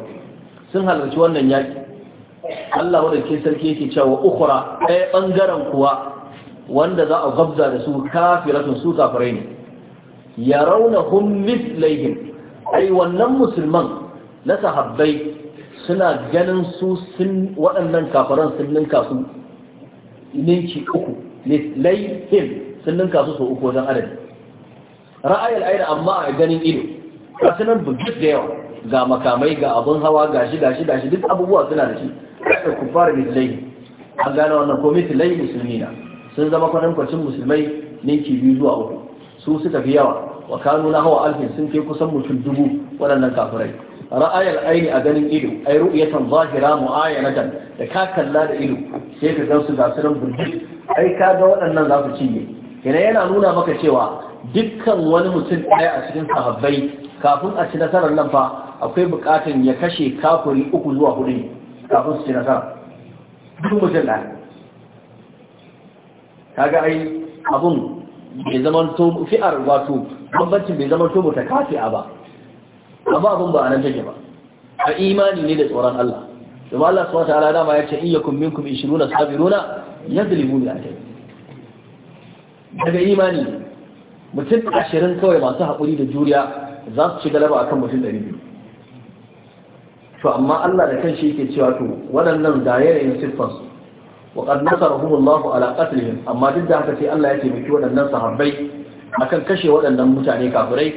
sun halarci wannan yaki Allah wanda ke sarki yake cewa ukura ɗaya ɓangaren kuwa wanda za a gabza da su kafiratun su kafirai ne yarawnahum mislaihim ai wannan musulman na sahabbai suna ganin su sun waɗannan kafaran sun ninka su ninki uku mislaihim sun ninka su so uku wajen adadi ra'ayar Aida amma a ganin ido kasunan bugis da yawa ga makamai ga abin hawa gashi gashi gashi duk abubuwa suna da shi kasar kufar mislaihim an gane wannan ko mislaihim musulmina sun zama kwacin musulmai ninki biyu zuwa uku su suka fi yawa wa kanu na hawa alfin sun kai kusan mutum dubu waɗannan kafirai ra'ayar aini a ganin ido ai ru'yatan zahira mu'ayyanatan da ka kalla da ido sai ka gansu ga sunan burji ai ka ga waɗannan za su cinye kina yana nuna maka cewa dukkan wani mutum ɗaya a cikin sahabbai kafin a ci nasarar nan fa akwai bukatan ya kashe kafuri uku zuwa hudu kafin su ci nasara duk mutum ɗaya kaga ai abun bai zama to fi'ar wato bambancin bai zama to a ba amma abin ba a nan take ba a imani ne da tsoron Allah kuma Allah subhanahu wataala dama ya ce in yakum minkum 20 sabiruna yadribu bi atay daga imani mutum 20 kawai masu haƙuri da juriya za su ci galaba akan mutum 200 to amma Allah da kanshi yake cewa to waɗannan da yanayin siffar wa qad nasarahumullahu ala qatlihim amma duk da haka sai Allah ya taimaki waɗannan sahabbai akan kashe waɗannan mutane kafirai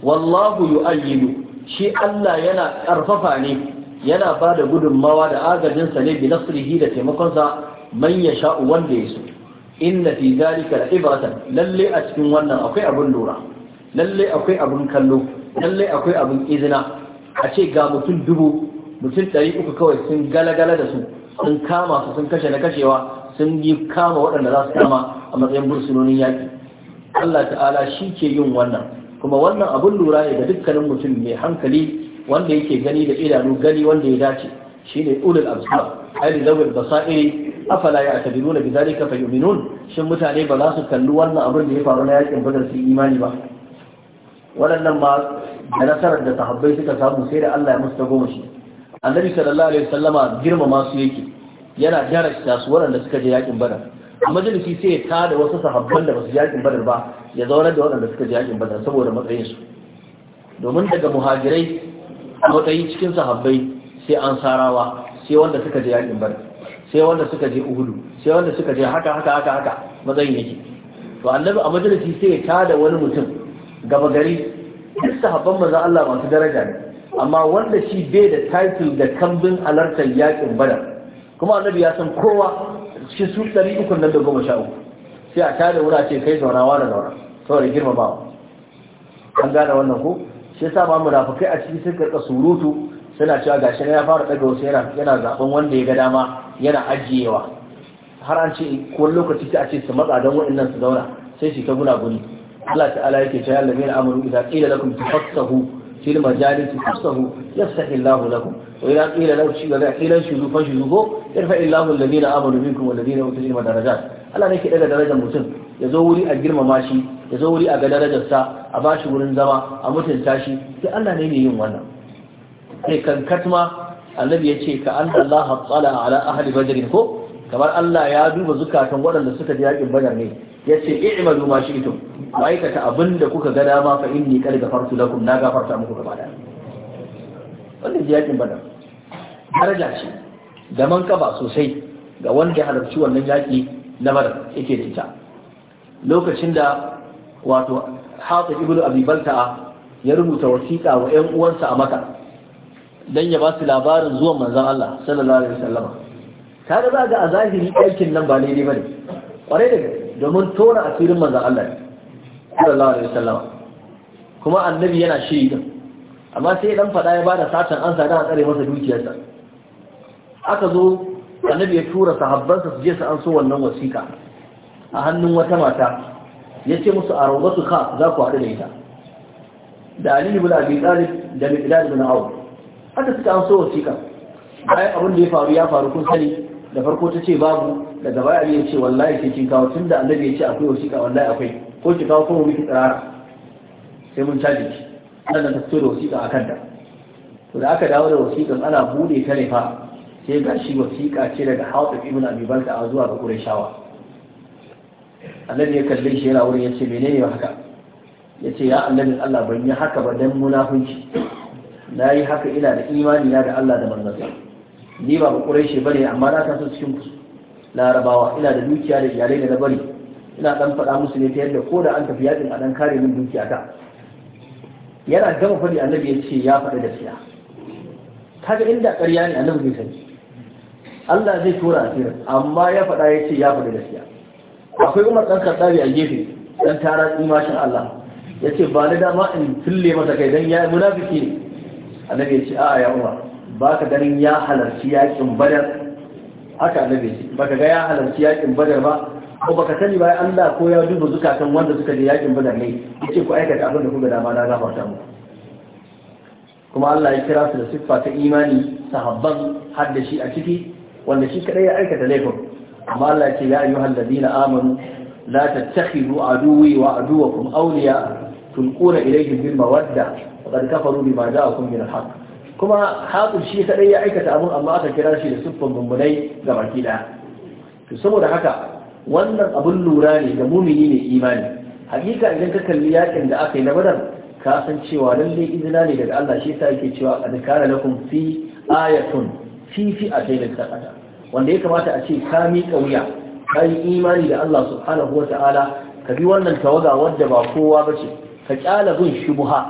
wallahu yu'ayyidu shi Allah yana karfafa ne yana ba da gudunmawa da agajinsa ne bi nasrihi da taimakonsa man ya sha'u wanda ya so inna fi zalika la ibratan lalle a cikin wannan akwai abun lura lalle akwai abun kallo lalle akwai abun izina a ce ga mutum dubu mutum ɗari uku kawai sun galagala da su sun kama su sun kashe na kashewa sun yi kama waɗanda za su kama a matsayin bursunonin yaƙi Allah ta'ala shi ke yin wannan kuma wannan abin lura ne ga dukkanin mutum mai hankali wanda yake gani da idanu gani wanda ya dace shine ulul absar ai da zawil basairi afala ya'tabiruna bidhalika fayu'minun shin mutane ba za su kalli wannan abin da ya faru na yakin badar su imani ba waɗannan ma da nasarar da sahabbai suka samu sai da Allah ya musu ta goma shi annabi sallallahu alaihi sallama girmama su yake yana jarasta su waɗanda suka je yakin badar a majalisi sai ya tada wasu sahabban da basu yakin badar ba ya zaunar da waɗanda suka je yakin badar saboda matsayin su domin daga muhajirai matsayi cikin sahabbai sai an sarawa sai wanda suka je yakin badar sai wanda suka je uhudu sai wanda suka je haka haka haka haka matsayin yake to annabi a majalisi sai ya tada wani mutum gaba gari duk sahabban manzo Allah masu daraja ne amma wanda shi bai da title da kambin alartar yakin badar kuma annabi ya san kowa cikin su ukun nan da goma sha uku sai a tare wura ce kai zauna wa da zauna saboda girmamawa an gane wannan ko shi yasa ma munafikai a cikin sun karɓa surutu suna cewa gashi na ya fara ɗaga wasu yana yana zaben wanda ya ga dama yana ajiyewa har an ce ko lokaci ta ce su matsa don waɗannan su zauna sai shi ta guna guni Allah ta'ala yake cewa lamina amuru idan qila lakum tafassahu في المجالس حفظه يفتح الله لكم وإذا قيل له شيء لا قيل انشزوا فانشزوا يرفع الله الذين آمنوا منكم والذين أوتوا العلم درجات Allah ne ke daga darajar mutum ya zo wuri a girmama shi ya zo wuri a ga darajarsa a ba shi wurin zama a mutunta shi sai Allah ne ne yin wannan sai kan katma annabi ya ce ka an Allah hatsala ala ahli badrin ko kamar Allah ya duba zukatan waɗanda suka ji yaƙin badar ne ya ce i'malu ma shi'tum wa aikata abin da kuka ga dama fa inni qad gafartu lakum na gafarta muku gaba da wanda ji yaƙin badar daraja ce da man kaba sosai ga wanda halarci wannan yaƙi na badar yake da ita lokacin da wato hafa ibn Abi balta ya rubuta wasiƙa wa 'yan uwansa a maka dan ya ba su labarin zuwan manzon Allah sallallahu alaihi wasallam kada za ga a zahiri aikin nan ba daidai ba ne. kwarai da domin tona asirin manzan Allah sallallahu alaihi wasallam kuma annabi yana shaida amma sai dan fada ya bada satan ansa a tsare masa dukiyarsa aka zo annabi ya tura sahabbansa su je su so wannan wasiƙa a hannun wata mata yace musu a su ka za ku haɗu da ita da Ali ibn Abi Talib da Miqdad ibn awo. haka suka so wasiƙa bayan abin da ya faru ya faru kun sani da farko ta ce babu daga baya ya ce wallahi ke kin kawo tunda annabi ya ce akwai wasiƙa wallahi akwai ko ki kawo kuma miki tsirara sai mun caji ki Ana ta fito da wasiƙa a kanta to da aka dawo da wasiƙa ana buɗe ta ne fa sai ga shi wasiƙa ce daga Hausa ibn Abi Balta a zuwa ga Qurayshawa annabi ya kalli shi yana wurin ya ce menene haka ya ce ya annabin Allah ban yi haka ba dan munafunci na yi haka ina da imani na da Allah da manzansa ni ba ƙurai ba ne amma na taso cikin larabawa ina da dukiya da iyalai da na bari ina dan faɗa musu ne ta yadda ko da an tafi yakin a dan kare min dukiya ta yana gama faɗi annabi ya ce ya faɗi gaskiya kaga inda ƙarya ne annabi zai sani Allah zai tura asirin amma ya faɗa ya ce ya faɗi gaskiya akwai umar ɗan karɗari a gefe ɗan tara mashin Allah ya ce ba ni dama in fille masa kai dan ya munafiki annabi ya ce a'a ya umar ba ka ganin ya halarci yakin badar haka annabi ba ka ga ya halarci yakin badar ba ko baka sani ba Allah ko ya duba zukatan wanda suka je yakin badar ne yace ku aikata abin da kuka dama na gafarta muku kuma Allah ya kira su da siffa ta imani sahabban har da shi a ciki wanda shi kadai ya aikata laifin amma Allah ya ce ya ayyuhal ladina amanu la tattakhidu aduwwi wa aduwakum awliya tulquna ilayhim bil mawadda faqad kafaru bima ja'akum min al-haqq kuma haƙul shi kaɗai ya aikata abin amma aka kira shi da siffan bambunai ga baki ɗaya saboda haka wannan abin lura ne ga mumini ne imani hakika idan ka kalli yakin da aka yi na badar ka san cewa lalle izina ne daga Allah shi yasa yake cewa qad na kun fi ayatun fi fi atayn sakata wanda ya kamata a ce ka miƙa wuya, ka yi imani da Allah subhanahu wa ta'ala ka bi wannan tawaga wadda ba kowa ba ce ka ƙyala bin shubuha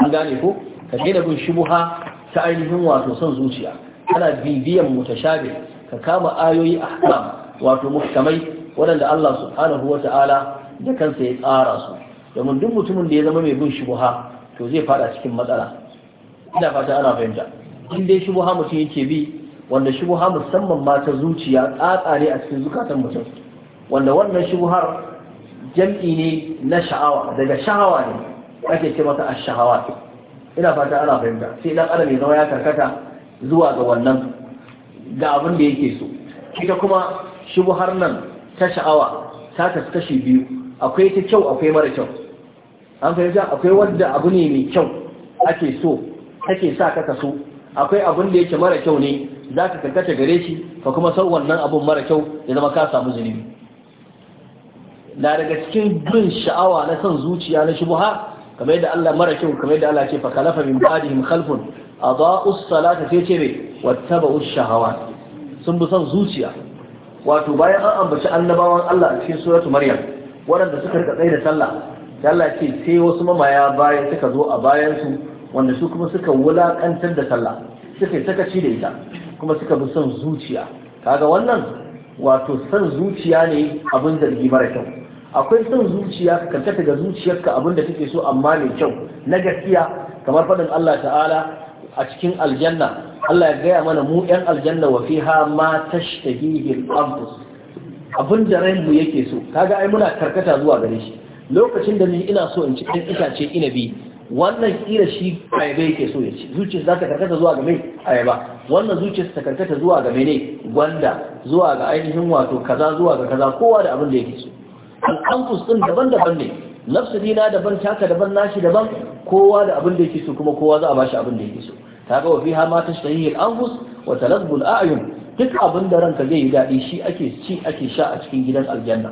an gane ko ka daina bin shubuha ta ainihin wato son zuciya ana bibiyan mutashabi ka kama ayoyi ahkam wato muhkamai waɗanda Allah subhanahu ta'ala, da kansa ya tsara su domin duk mutumin da ya zama mai bin shubuha to zai fada cikin matsala ina fata ana fahimta in dai shubuha mutum yake bi wanda shubuha musamman ma ta zuciya ne a cikin zukatan mutum wanda wannan shubuhar jam'i ne na sha'awa daga sha'awa ne ake ce mata ash-shahawat ina fata ana fahimta sai dan adam ya zama ya karkata zuwa ga wannan ga abin da yake so ita kuma shubuhar nan ta sha'awa ta kashi biyu akwai ta kyau akwai mara kyau an fahimta akwai wanda abu ne mai kyau ake so ake sa ka kaso akwai abin da yake mara kyau ne za ka karkata gare shi ka kuma san wannan abun mara kyau ya zama ka samu zunubi na daga cikin bin sha'awa na son zuciya na shubuha kamar yadda Allah mara kyau kamar yadda Allah ce fa khalafa min ba'dihim khalfun adaa'u salata sai ce me wattaba'u shahawat sun bi son zuciya wato bayan an ambaci annabawan Allah a cikin suratu maryam waɗanda suka rika tsaye da sallah Allah ce sai wasu mamaya bayan suka zo a bayan su wanda su kuma suka wulakantar da sallah suka yi sakaci da ita kuma suka bi son zuciya kaga wannan wato son zuciya ne abin zargi mara kyau akwai son zuciya karkata ga zuciyarka abin da take so amma mai kyau na gaskiya kamar faɗin Allah ta'ala a cikin aljanna Allah ya gaya mana mu ƴan aljanna wa fiha ma tashtahihi al-anfus abin da rai mu yake so kaga ai muna karkata zuwa gare shi lokacin da ni ina so in ci ɗan itace inabi wannan kira shi ayaba yake so ya ci zuciyar za ta karkata zuwa ga mai ayaba wannan zuciyar ta karkata zuwa ga mai ne gwanda zuwa ga ainihin wato kaza zuwa ga kaza kowa da abin da yake so al'anfus ɗin daban-daban ne nafsu dina daban taka daban nashi daban kowa da abin da yake so kuma kowa za a bashi abin da yake so kaga wa fiha ma tashtahihi al-anfus wa talazbu al-a'yun duk abin da ranka zai yi daɗi shi ake ci ake sha a cikin gidan aljanna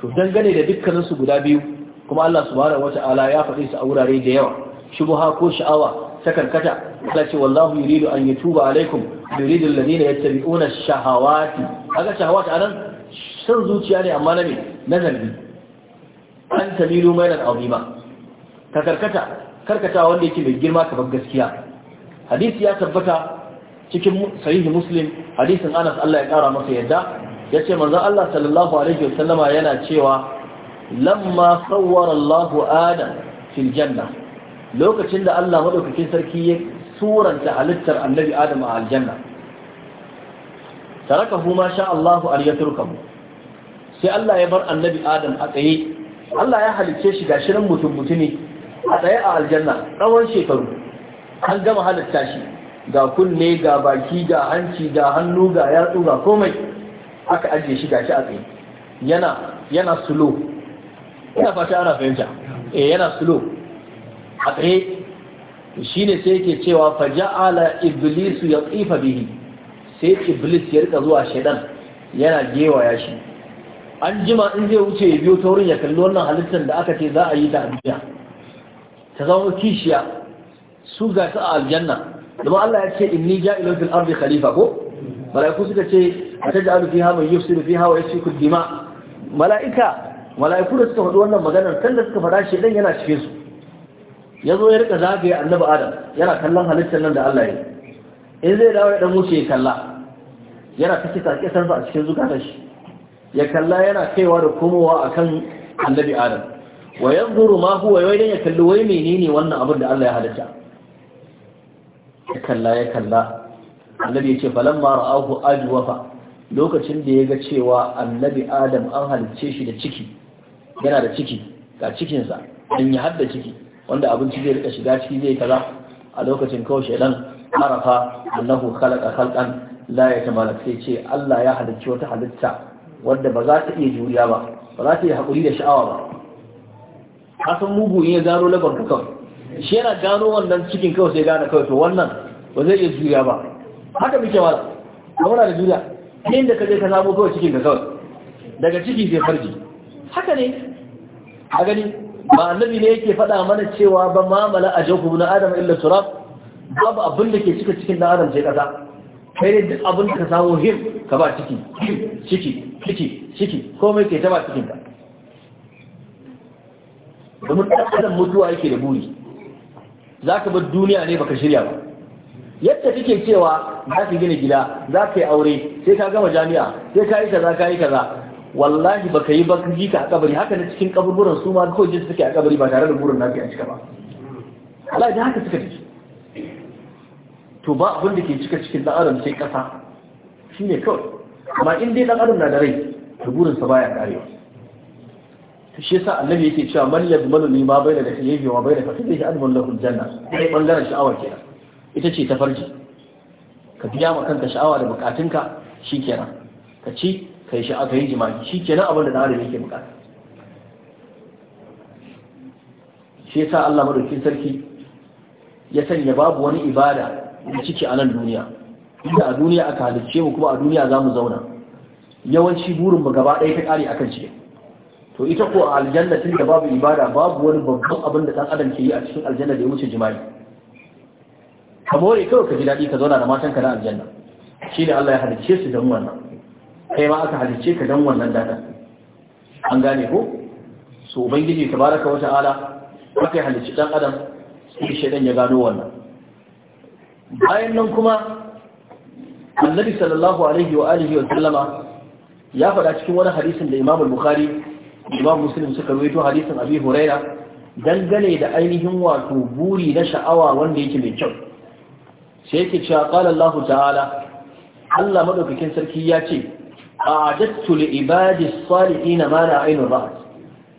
to dangane da dukkanin su guda biyu kuma Allah subhanahu wata'ala ya faɗi su a wurare da yawa shubha ko sha'awa ta karkata Allah ce wallahu yuridu an yatuba alaikum yuridu alladhina yattabi'una ash-shahawati kaga shahawati anan son zuciya ne amma na me na zargi an tamilu mailan azima ka karkata karkata wanda yake mai girma kamar gaskiya hadisi ya tabbata cikin sahihi muslim hadisin Anas Allah ya kara masa yadda yace manzon Allah sallallahu alaihi wasallama yana cewa lamma sawwara Allah Adam fil janna lokacin da Allah madaukakin sarki ya suranta halittar Annabi Adam a aljanna tarakahu huma sha Allah an yatrukahu sai Allah ya bar annabi Adam a tsaye Allah ya halicce shi ga shirin mutum mutumi a tsaye a aljanna tsawon shekaru an gama halitta shi ga kunne ga baki ga hanci ga hannu ga yatsu ga komai aka ajiye shi shi a tsaye yana yana sulo ina fata ana fahimta eh yana sulo. a tsaye shine sai yake cewa faja'ala iblis yaqifa bihi sai iblis ya rika zuwa shaidan yana gewaya shi an jima in zai wuce ya biyo ta wurin ya kalli wannan halittar da aka ce za a yi ta a ta zama kishiya su ga ta aljanna domin Allah ya ce inni ja'ilun fil ardi khalifa ko malaiku suka ce a ataj'alu fiha man yufsidu fiha wa yasfiku dima malaika malaiku da suka faɗi wannan maganar kan da suka faɗa shi dan yana cikin su yazo ya rika zagaye annabi adam yana kallon halittar nan da Allah ya yi. in zai dawo ya dan wuce ya kalla yana ta kisa kisan sa a cikin zukatan shi ya kalla yana kaiwa da komowa akan annabi adam wa zuru ma huwa wai dan ya kalli wai menene wannan abin da Allah ya halitta ya kalla ya kalla annabi ya ce falamma ra'ahu ajwafa lokacin da ya ga cewa annabi adam an halicce shi da ciki yana da ciki ga cikinsa In yi hadda ciki wanda abinci zai rika shiga ciki zai kaza a lokacin kawashe dan arafa annahu khalaqa khalqan la yatamalak sai ce Allah ya halicci wata halitta wadda ba za ta iya juriya ba ba za ta iya haƙuri da sha'awa ba hasan mugu ya gano labar ka kawai shi yana gano wannan cikin kawai sai gane kawai to wannan ba zai iya juriya ba haka muke ba wala kamar da juriya inda ka je ka samu kawai cikin ka kawai daga ciki sai farji haka ne a gani ba annabi ne yake faɗa mana cewa ba mamala a jahu na adam illa turab babu abin da ke cika cikin na adam sai ƙasa kai ne duk abin ka samu him ka ba ciki ciki ciki ciki komai ke ta ba cikin ka domin ɗan mutuwa yake da buri za ka bar duniya ne baka shirya ba yadda kike cewa za ka gina gida za ka yi aure sai ka gama jami'a sai ka yi kaza ka yi kaza wallahi baka yi ba ji ka a kabari haka ne cikin kaburburan su ma kawai suke a kabari ba tare da burin na a cika ba Allah ya haka suka ji to ba abin da ke cika cikin dan adam sai kasa shine kawai amma in dai dan adam na da rai to burinsa baya karewa to shi yasa annabi yake cewa man yadmanu ni ma bai da kayyihi wa bayna fatihi admun lahu aljanna sai bangaren sha'awa kenan ita ce ta farji ka biya ma kanka sha'awa da bukatunka shikenan ka ci kai sha'a yi jima'i shikenan abin da dan adam yake bukata shi yasa Allah madaukakin sarki ya sanya babu wani ibada da ciki a nan duniya inda a duniya aka halicce mu kuma a duniya za mu zauna yawanci burin mu gaba ɗaya ta ƙari akan shi to ita ko a aljanna tun da babu ibada babu wani babban abin da ɗan adam ke yi a cikin aljanna da ya wuce jima'i ka more kawai ka ji daɗi ka zauna da ka na aljanna shi ne Allah ya halicce su don wannan kai ma aka halicce ka don wannan dada an gane ko so ubangiji tabaraka wa ta'ala aka halicci dan adam sai shaidan ya gano wannan bayan nan kuma annabi sallallahu alaihi wa alihi wa sallama ya faɗa cikin wani hadisin da imam bukhari imam muslim suka rawaito hadisin abi huraira dangane da ainihin wato buri na sha'awa wanda yake mai kyau sai yake cewa qala allah ta'ala Allah madaukakin sarki ya ce a'adattu li ibadi salihin ma la aynu ra'at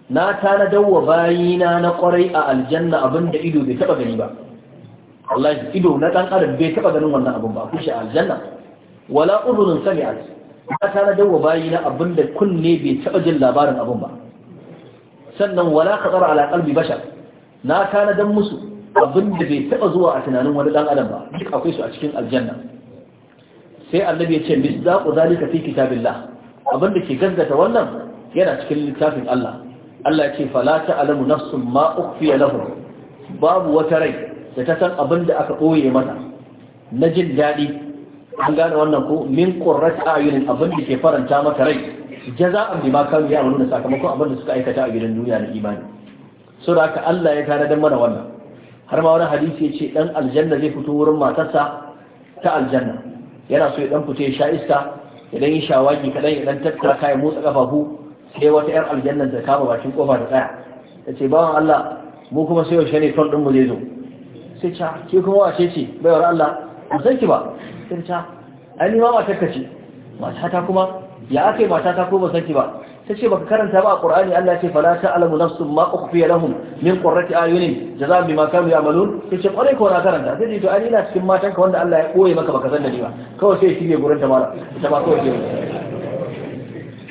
na tana dawwa bayina na kwarai a aljanna abinda ido bai taba gani ba wallahi ido na ɗan adam bai taba ganin wannan abin ba ku shi aljanna wala udhunun sami'at ba ta dawo bayi na abin da kunne bai taba jin labarin abin ba sannan wala tsara ala qalbi bashar na tana dan musu abin da bai taba zuwa a tunanin wani dan adam ba duk akwai su a cikin aljanna sai annabi ya ce misdaqu zalika fi kitabillah abin da ke gaggata wannan yana cikin littafin Allah Allah ya ce fala ta'lamu nafsun ma ukhfiya lahum babu wata rai da ta san abin da aka ɓoye mata na jin daɗi an gane wannan ko min qurrat ayunin abin da ke faranta mata rai jaza jaza'an bima kan ya wannan sakamakon abin da suka aikata a gidan duniya na imani so da haka Allah ya tare da mana wannan har ma wani hadisi ya ce dan aljanna zai fito wurin matarsa ta aljanna yana so ya dan fito ya sha iska ya dan yi shawagi kadan ya dan tattara kayan motsa kafafu sai wata yar aljanna ta kama bakin kofa ta tsaya tace bawan Allah mu kuma sai yaushe ne ton din mu zai zo sai ca ke kuma wace ce baiwar Allah ba san ki ba sai ca ai ma matar ka ce matata kuma ya ake matata ko ba san ki ba sai ce baka karanta ba a Qur'ani Allah ce fala ta'lamu nafsun ma ukhfiya lahum min qurrati ayunin jazaa'an bima kanu ya'malun sai ce kwarai ko na karanta sai ce to ai na cikin matan ka wanda Allah ya koye maka baka san da ni ba kawai sai shige gurin ta mala ta ba kawai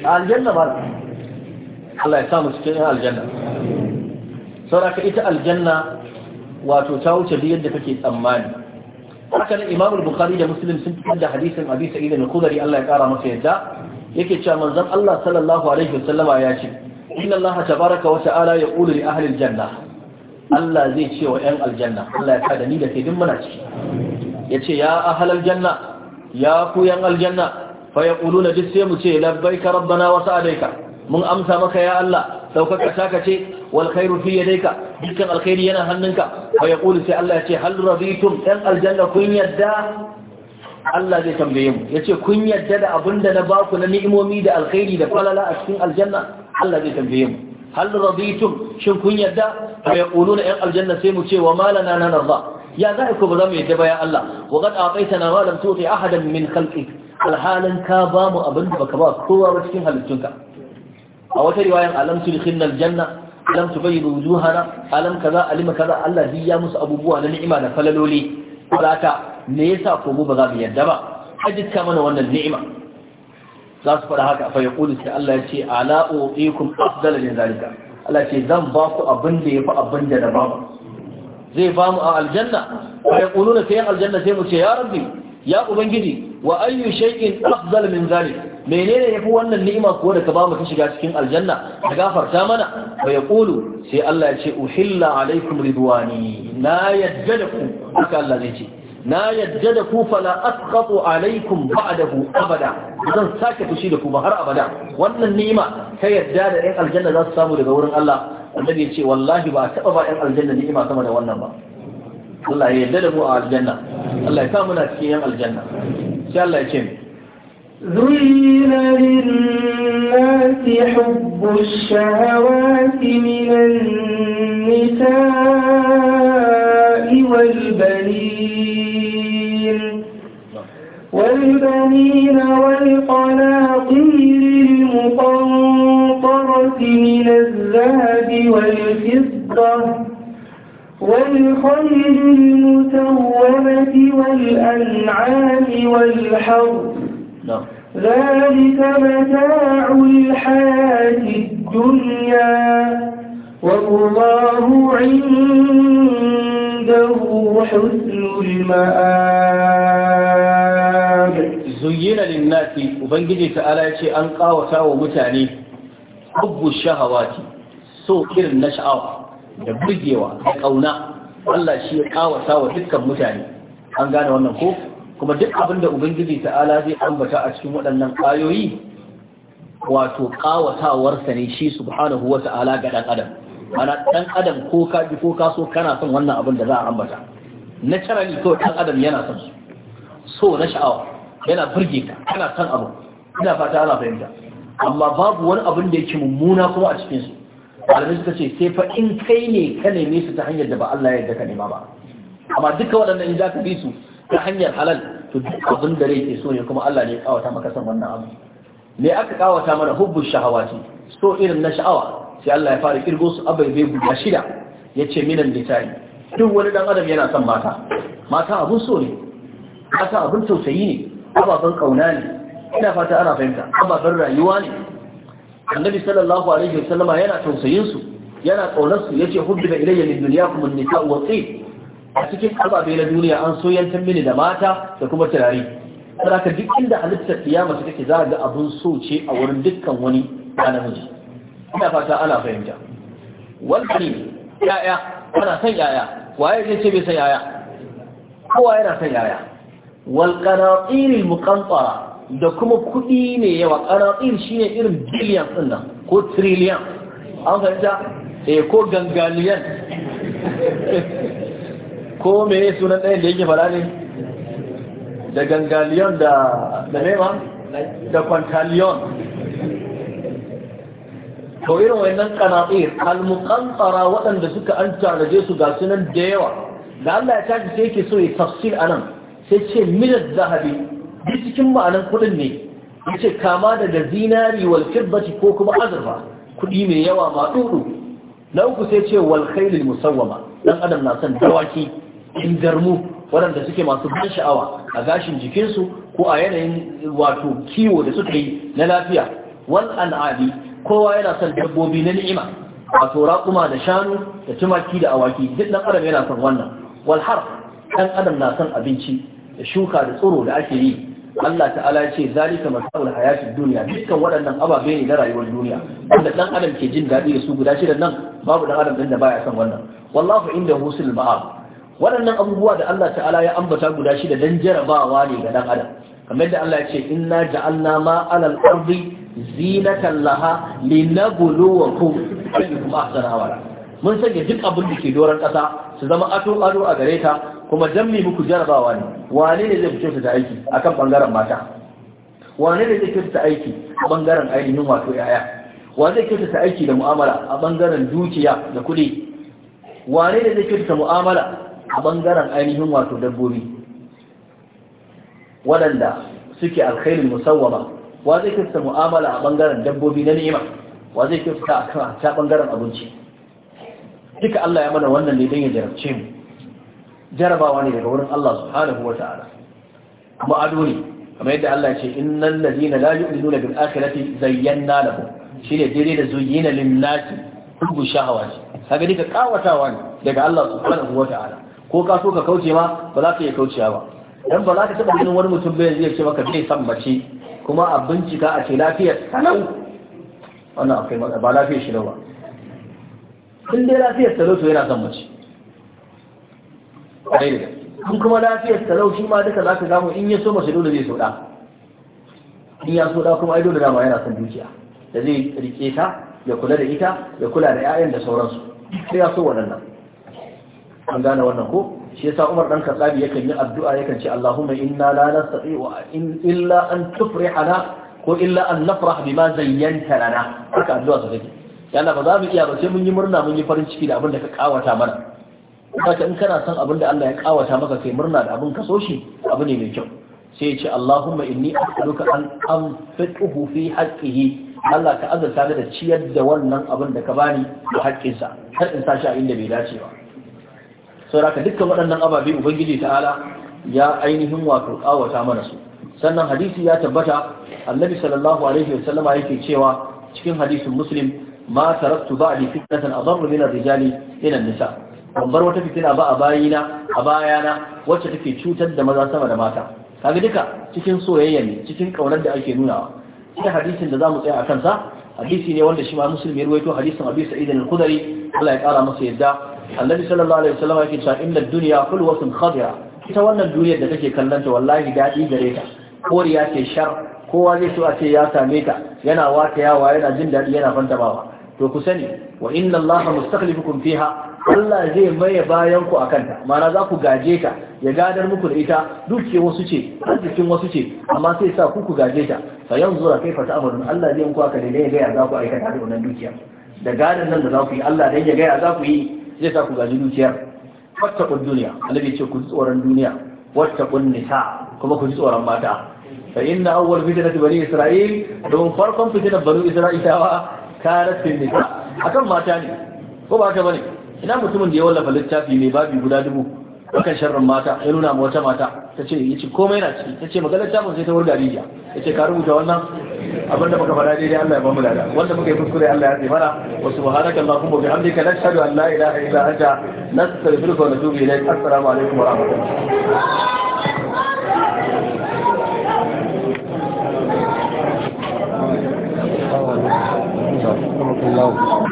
aljanna mala Allah ya samu cikin aljanna saboda ita aljanna wato ta wuce da yadda kake tsammani haka nan imamul bukhari da muslim sun fitar da hadisin abi sa'id al-khudri Allah ya kara masa yadda yake cewa manzon Allah sallallahu alaihi wasallama ya ce inna Allah tabaraka wa ta'ala yaqulu li ahli al-janna Allah zai ce wa ‘yan aljanna, Allah ya da ni da ke din muna ciki, ya ce, Ya janna, ya ku ‘yan aljanna, fa ya ƙulu na duk sai mu ce, labbai ka rabbana wasu adaika, mun amsa maka ya Allah, saukaka ta ka ce, wal khairu fi yadayka dukkan alkhairi yana hannunka fa yaqulu sai Allah ya ce hal raditum dan aljanna kun yadda Allah zai tambaye mu yace kun yadda da abinda na baku na ni'imomi da alkhairi da falala a cikin aljanna Allah zai tambaye mu hal raditum shin kun yadda fa yaquluna yan aljanna sai mu ce wa malana na narda ya za ku ba za mu yadda ba ya Allah wa qad a'taytana wa lam tu'ti ahadan min khalqik alhalan ka ba mu abinda baka ba kowa ba cikin halittunka a wata riwayan alam tulkhinna janna. alam tubayyinu wujuhana alam kaza alima kaza Allah bi ya musu abubuwa na ni'ima da falaloli haka me yasa ko mu ba za mu yadda ba ajitta mana wannan ni'ima za su faɗa haka fa yaqulu sai Allah ya ce ala uqikum afdala min zalika Allah ce zan ba ku abin da yafi abin da na ba zai ba mu a aljanna fa yaquluna sai aljanna sai mu ce ya rabbi ya ubangiji wa ayyu shay'in afdal min zalik menene yafi wannan ni'ima ko da ka ba mu ta shiga cikin aljanna ka gafarta mana fa yaqulu sai Allah ya ce uhilla alaikum ridwani na yadda da ku haka Allah zai ce na yadda da ku fala asqatu alaikum ba'dahu abada zan sake fushi da ku ba har abada wannan ni'ima ta yadda da 'yan aljanna za su samu daga wurin Allah annabi ya ce wallahi ba a taba ba 'yan aljanna ni'ima sama da wannan ba Allah ya yarda da mu a aljanna Allah ya sa muna cikin yan aljanna sai Allah ya ce mu زين للناس حب الشهوات من النساء والبنين والبنين والقناطير المقنطرة من الذهب والفضة والخيل المسومة والأنعام والحرب نعم. ذلك متاع الحياة الدنيا والله عنده حسن المآب زين للناس وبنجي تعالى يشي أنقى وتعوى متعني حب الشهوات سوء نشعر da burgewa da kauna Allah shi ya kawasa wa dukkan mutane an gane wannan ko kuma duk abin da ubangiji ta'ala zai ambata a cikin waɗannan ayoyi wato kawatawarsa ne shi subhanahu wa ta'ala ga dan adam ana dan adam ko ka ji ko ka so kana son wannan abin da za a ambata ni kawai dan adam yana son su. so na sha'awa yana burge ka kana son abu ina fata ana fahimta amma babu wani abin da yake mummuna kuma a cikin su malamai suka ce sai fa in kai ne ka neme su ta hanyar da ba Allah ya yarda ka nema ba amma duka waɗannan in za ka bi su ta hanyar halal to duk abin da rai ke so ne kuma Allah ne ya kawata maka san wannan abu me aka kawata mana hubbu shahawati so irin na sha'awa sai Allah ya fara kirgo su abai bai guda shida ce minan litani duk wani dan adam yana son mata mata abun so ne mata abun tausayi ne ababen kauna ne ina fata ana fahimta ababen rayuwa ne annabi sallallahu alaihi wasallam yana tausayin su yana kaunar su yace hubbila ilayya min dunyakum an-nisa wa qi a cikin ababe na duniya an so yantan mini da mata da kuma turare saboda duk inda halittar kiyama ta take za ga abun so ce a wurin dukkan wani da namiji ina fata ana fahimta wani yaya ana san yaya waye zai ce bai san yaya kowa yana san yaya wal qanatir al muqantara da kuma kuɗi ne yawa ƙaratsir shi ne irin biliyan ɗin nan ko triliyan an fahimta eh ko gangaliyan (laughs) ko me sunan ɗayan da yake fara ne da gangaliyan da da nema da kwantaliyon to irin wayannan ƙaratsir almuƙantara waɗanda suka an tanaje su ga sunan da yawa da Allah ya tafi sai yake so ya tafsir anan sai ce milar zahabi duk cikin ma'anan kuɗin ne yace kama daga zinari wal fiddati ko kuma azurfa kuɗi mai yawa ma dudu na uku sai ce wal khailil musawwama dan adam na son dawaki in garmu waɗanda suke masu ban sha'awa a gashin jikinsu ko a yanayin wato kiwo da suka yi na lafiya wal an'adi kowa yana son dabbobi na ni'ima wato raƙuma da shanu da tumaki da awaki duk ɗan adam yana son wannan wal har ɗan adam na son abinci da shuka da tsiro da ake yi Allah ta'ala ya ce zalika masaul hayatid duniya. dukkan waɗannan ababe ne na rayuwar duniya wanda ɗan adam ke jin daɗi da su guda shida nan babu ɗan adam din da baya son wannan wallahu inda husul ba'a. waɗannan abubuwa da Allah ta'ala ya ambata guda shida dan jarabawa ne ga dan adam kamar da Allah ya ce inna ja'alna ma 'alal ardi zinatan laha linabluwakum ayyukum ahsanu amala mun sanya duk abin da ke doron ƙasa su zama ato ado a gare ta kuma dan me muku jarabawa ne wane ne zai fito da aiki akan bangaren mata wane ne zai fito da aiki a bangaren ainihin wato yaya Wane zai fito da aiki da mu'amala a bangaren dukiya da kuɗi wane ne zai fito da mu'amala a bangaren ainihin wato dabbobi waɗanda suke alkhairin musawwama wa zai fito mu'amala a bangaren dabbobi na ni'ima wa zai fito a kan ta bangaren abinci duka Allah ya mana wannan ne don ya jarabce mu jarabawa ne daga wurin Allah subhanahu wa ta'ala kuma ado ne kamar yadda Allah ce innal ladina la yu'minuna bil akhirati zayyana lahum shine daidai da zuyina lin nasi kullu shahawati kaga dika kawatawa ne daga Allah subhanahu wa ta'ala ko ka so ka kauce ma ba za ka iya kaucewa ba dan ba za ka taba ganin wani mutum bai zai ce maka bai san mace kuma a bincika a ce lafiyar sanau wannan akwai ba lafiyar shi ba in dai lafiyar talauto yana son mace kwarai da gaske kuma lafiyar talau shi ma duka za ka samu in ya so masu dole zai soda in ya soda kuma ai dole dama yana son dukiya da zai rike ta ya kula da ita ya kula da 'ya'yan da sauransu sai ya so waɗannan an gane wannan ko shi yasa Umar dan Khattabi yakan yi addu'a yakan ce Allahumma inna la nastati'u in illa an tufrihana ko illa an nafrah bima zayyanta lana haka addu'a sa take ya Allah ba za mu iya ba sai mun yi murna mun yi farin ciki da abin da ka kawata mana haka in kana son abin da Allah ya kawata maka kai murna da abin kaso shi abu ne mai kyau sai ya ce Allahumma inni as'aluka an anfiqhu fi haqqihi Allah ka azurta ni da ciyar da wannan abin da ka bani da sa, har in sashi a inda bai dace ba saboda dukkan waɗannan ababe ubangiji ta'ala ya ainihin wato kawata mana su sannan hadisi ya tabbata annabi sallallahu alaihi wa sallama yake cewa cikin hadisin muslim ma taraktu ba'di fitnatan adarru min ar-rijali ila an-nisa bambar wata fitina ba a bayina a bayana wacce take cutar da maza sama da mata kaga duka cikin soyayya ne cikin kaunar da ake nunawa Cikin hadisin da za mu tsaya a kansa hadisi ne wanda shi ma musulmi ya ruwaito hadisin Abi Sa'id al-Khudri Allah ya kara masa yadda Annabi sallallahu alaihi wasallam yake cewa inna ad-dunya khulwatun khadira ita wannan duniyar da take kallanta wallahi dadi gare ta koriya ce shar kowa zai so a ce ya same ta yana wata yawa yana jin dadi yana fantamawa to ku sani wa inna allaha mustakhlifukum fiha Allah zai maye bayanku a kanta, ta mana za ku gaje ta ya gadar muku da ita duke wasu ce arzikin wasu ce amma sai sa ku ku gaje ta fa yanzu kai fa ta'malun Allah zai muku aka dai ga ya za ku aikata da wannan dukiya da gadar nan da za ku yi Allah dan ya ga ya za ku yi zai sa ku gaje dukiyar fattaqud dunya annabi ce ku tsoron duniya wattaqun nisa kuma ku tsoron mata fa inna awwal fitnati bani isra'il don farkon fitnar bani isra'ila tarafin a akan mata ne ko ba ka bane ina mutumin da ya wallafa littafi mai babi guda dubu akan sharrin mata ya nuna ma wata mata ta ce ya ce komai na ciki ta ce maganar littafin sai ta wurga rijiya ya ce ka rubuta wannan abin da muka faɗa daidai Allah ya mu lada wanda muka yi kuskure Allah ya tsibara wa subhanaka allahumma bihamdika nashhadu an la ilaha illa anta nastaghfiruka wa natubu ilayk assalamu alaikum wa rahmatullahi love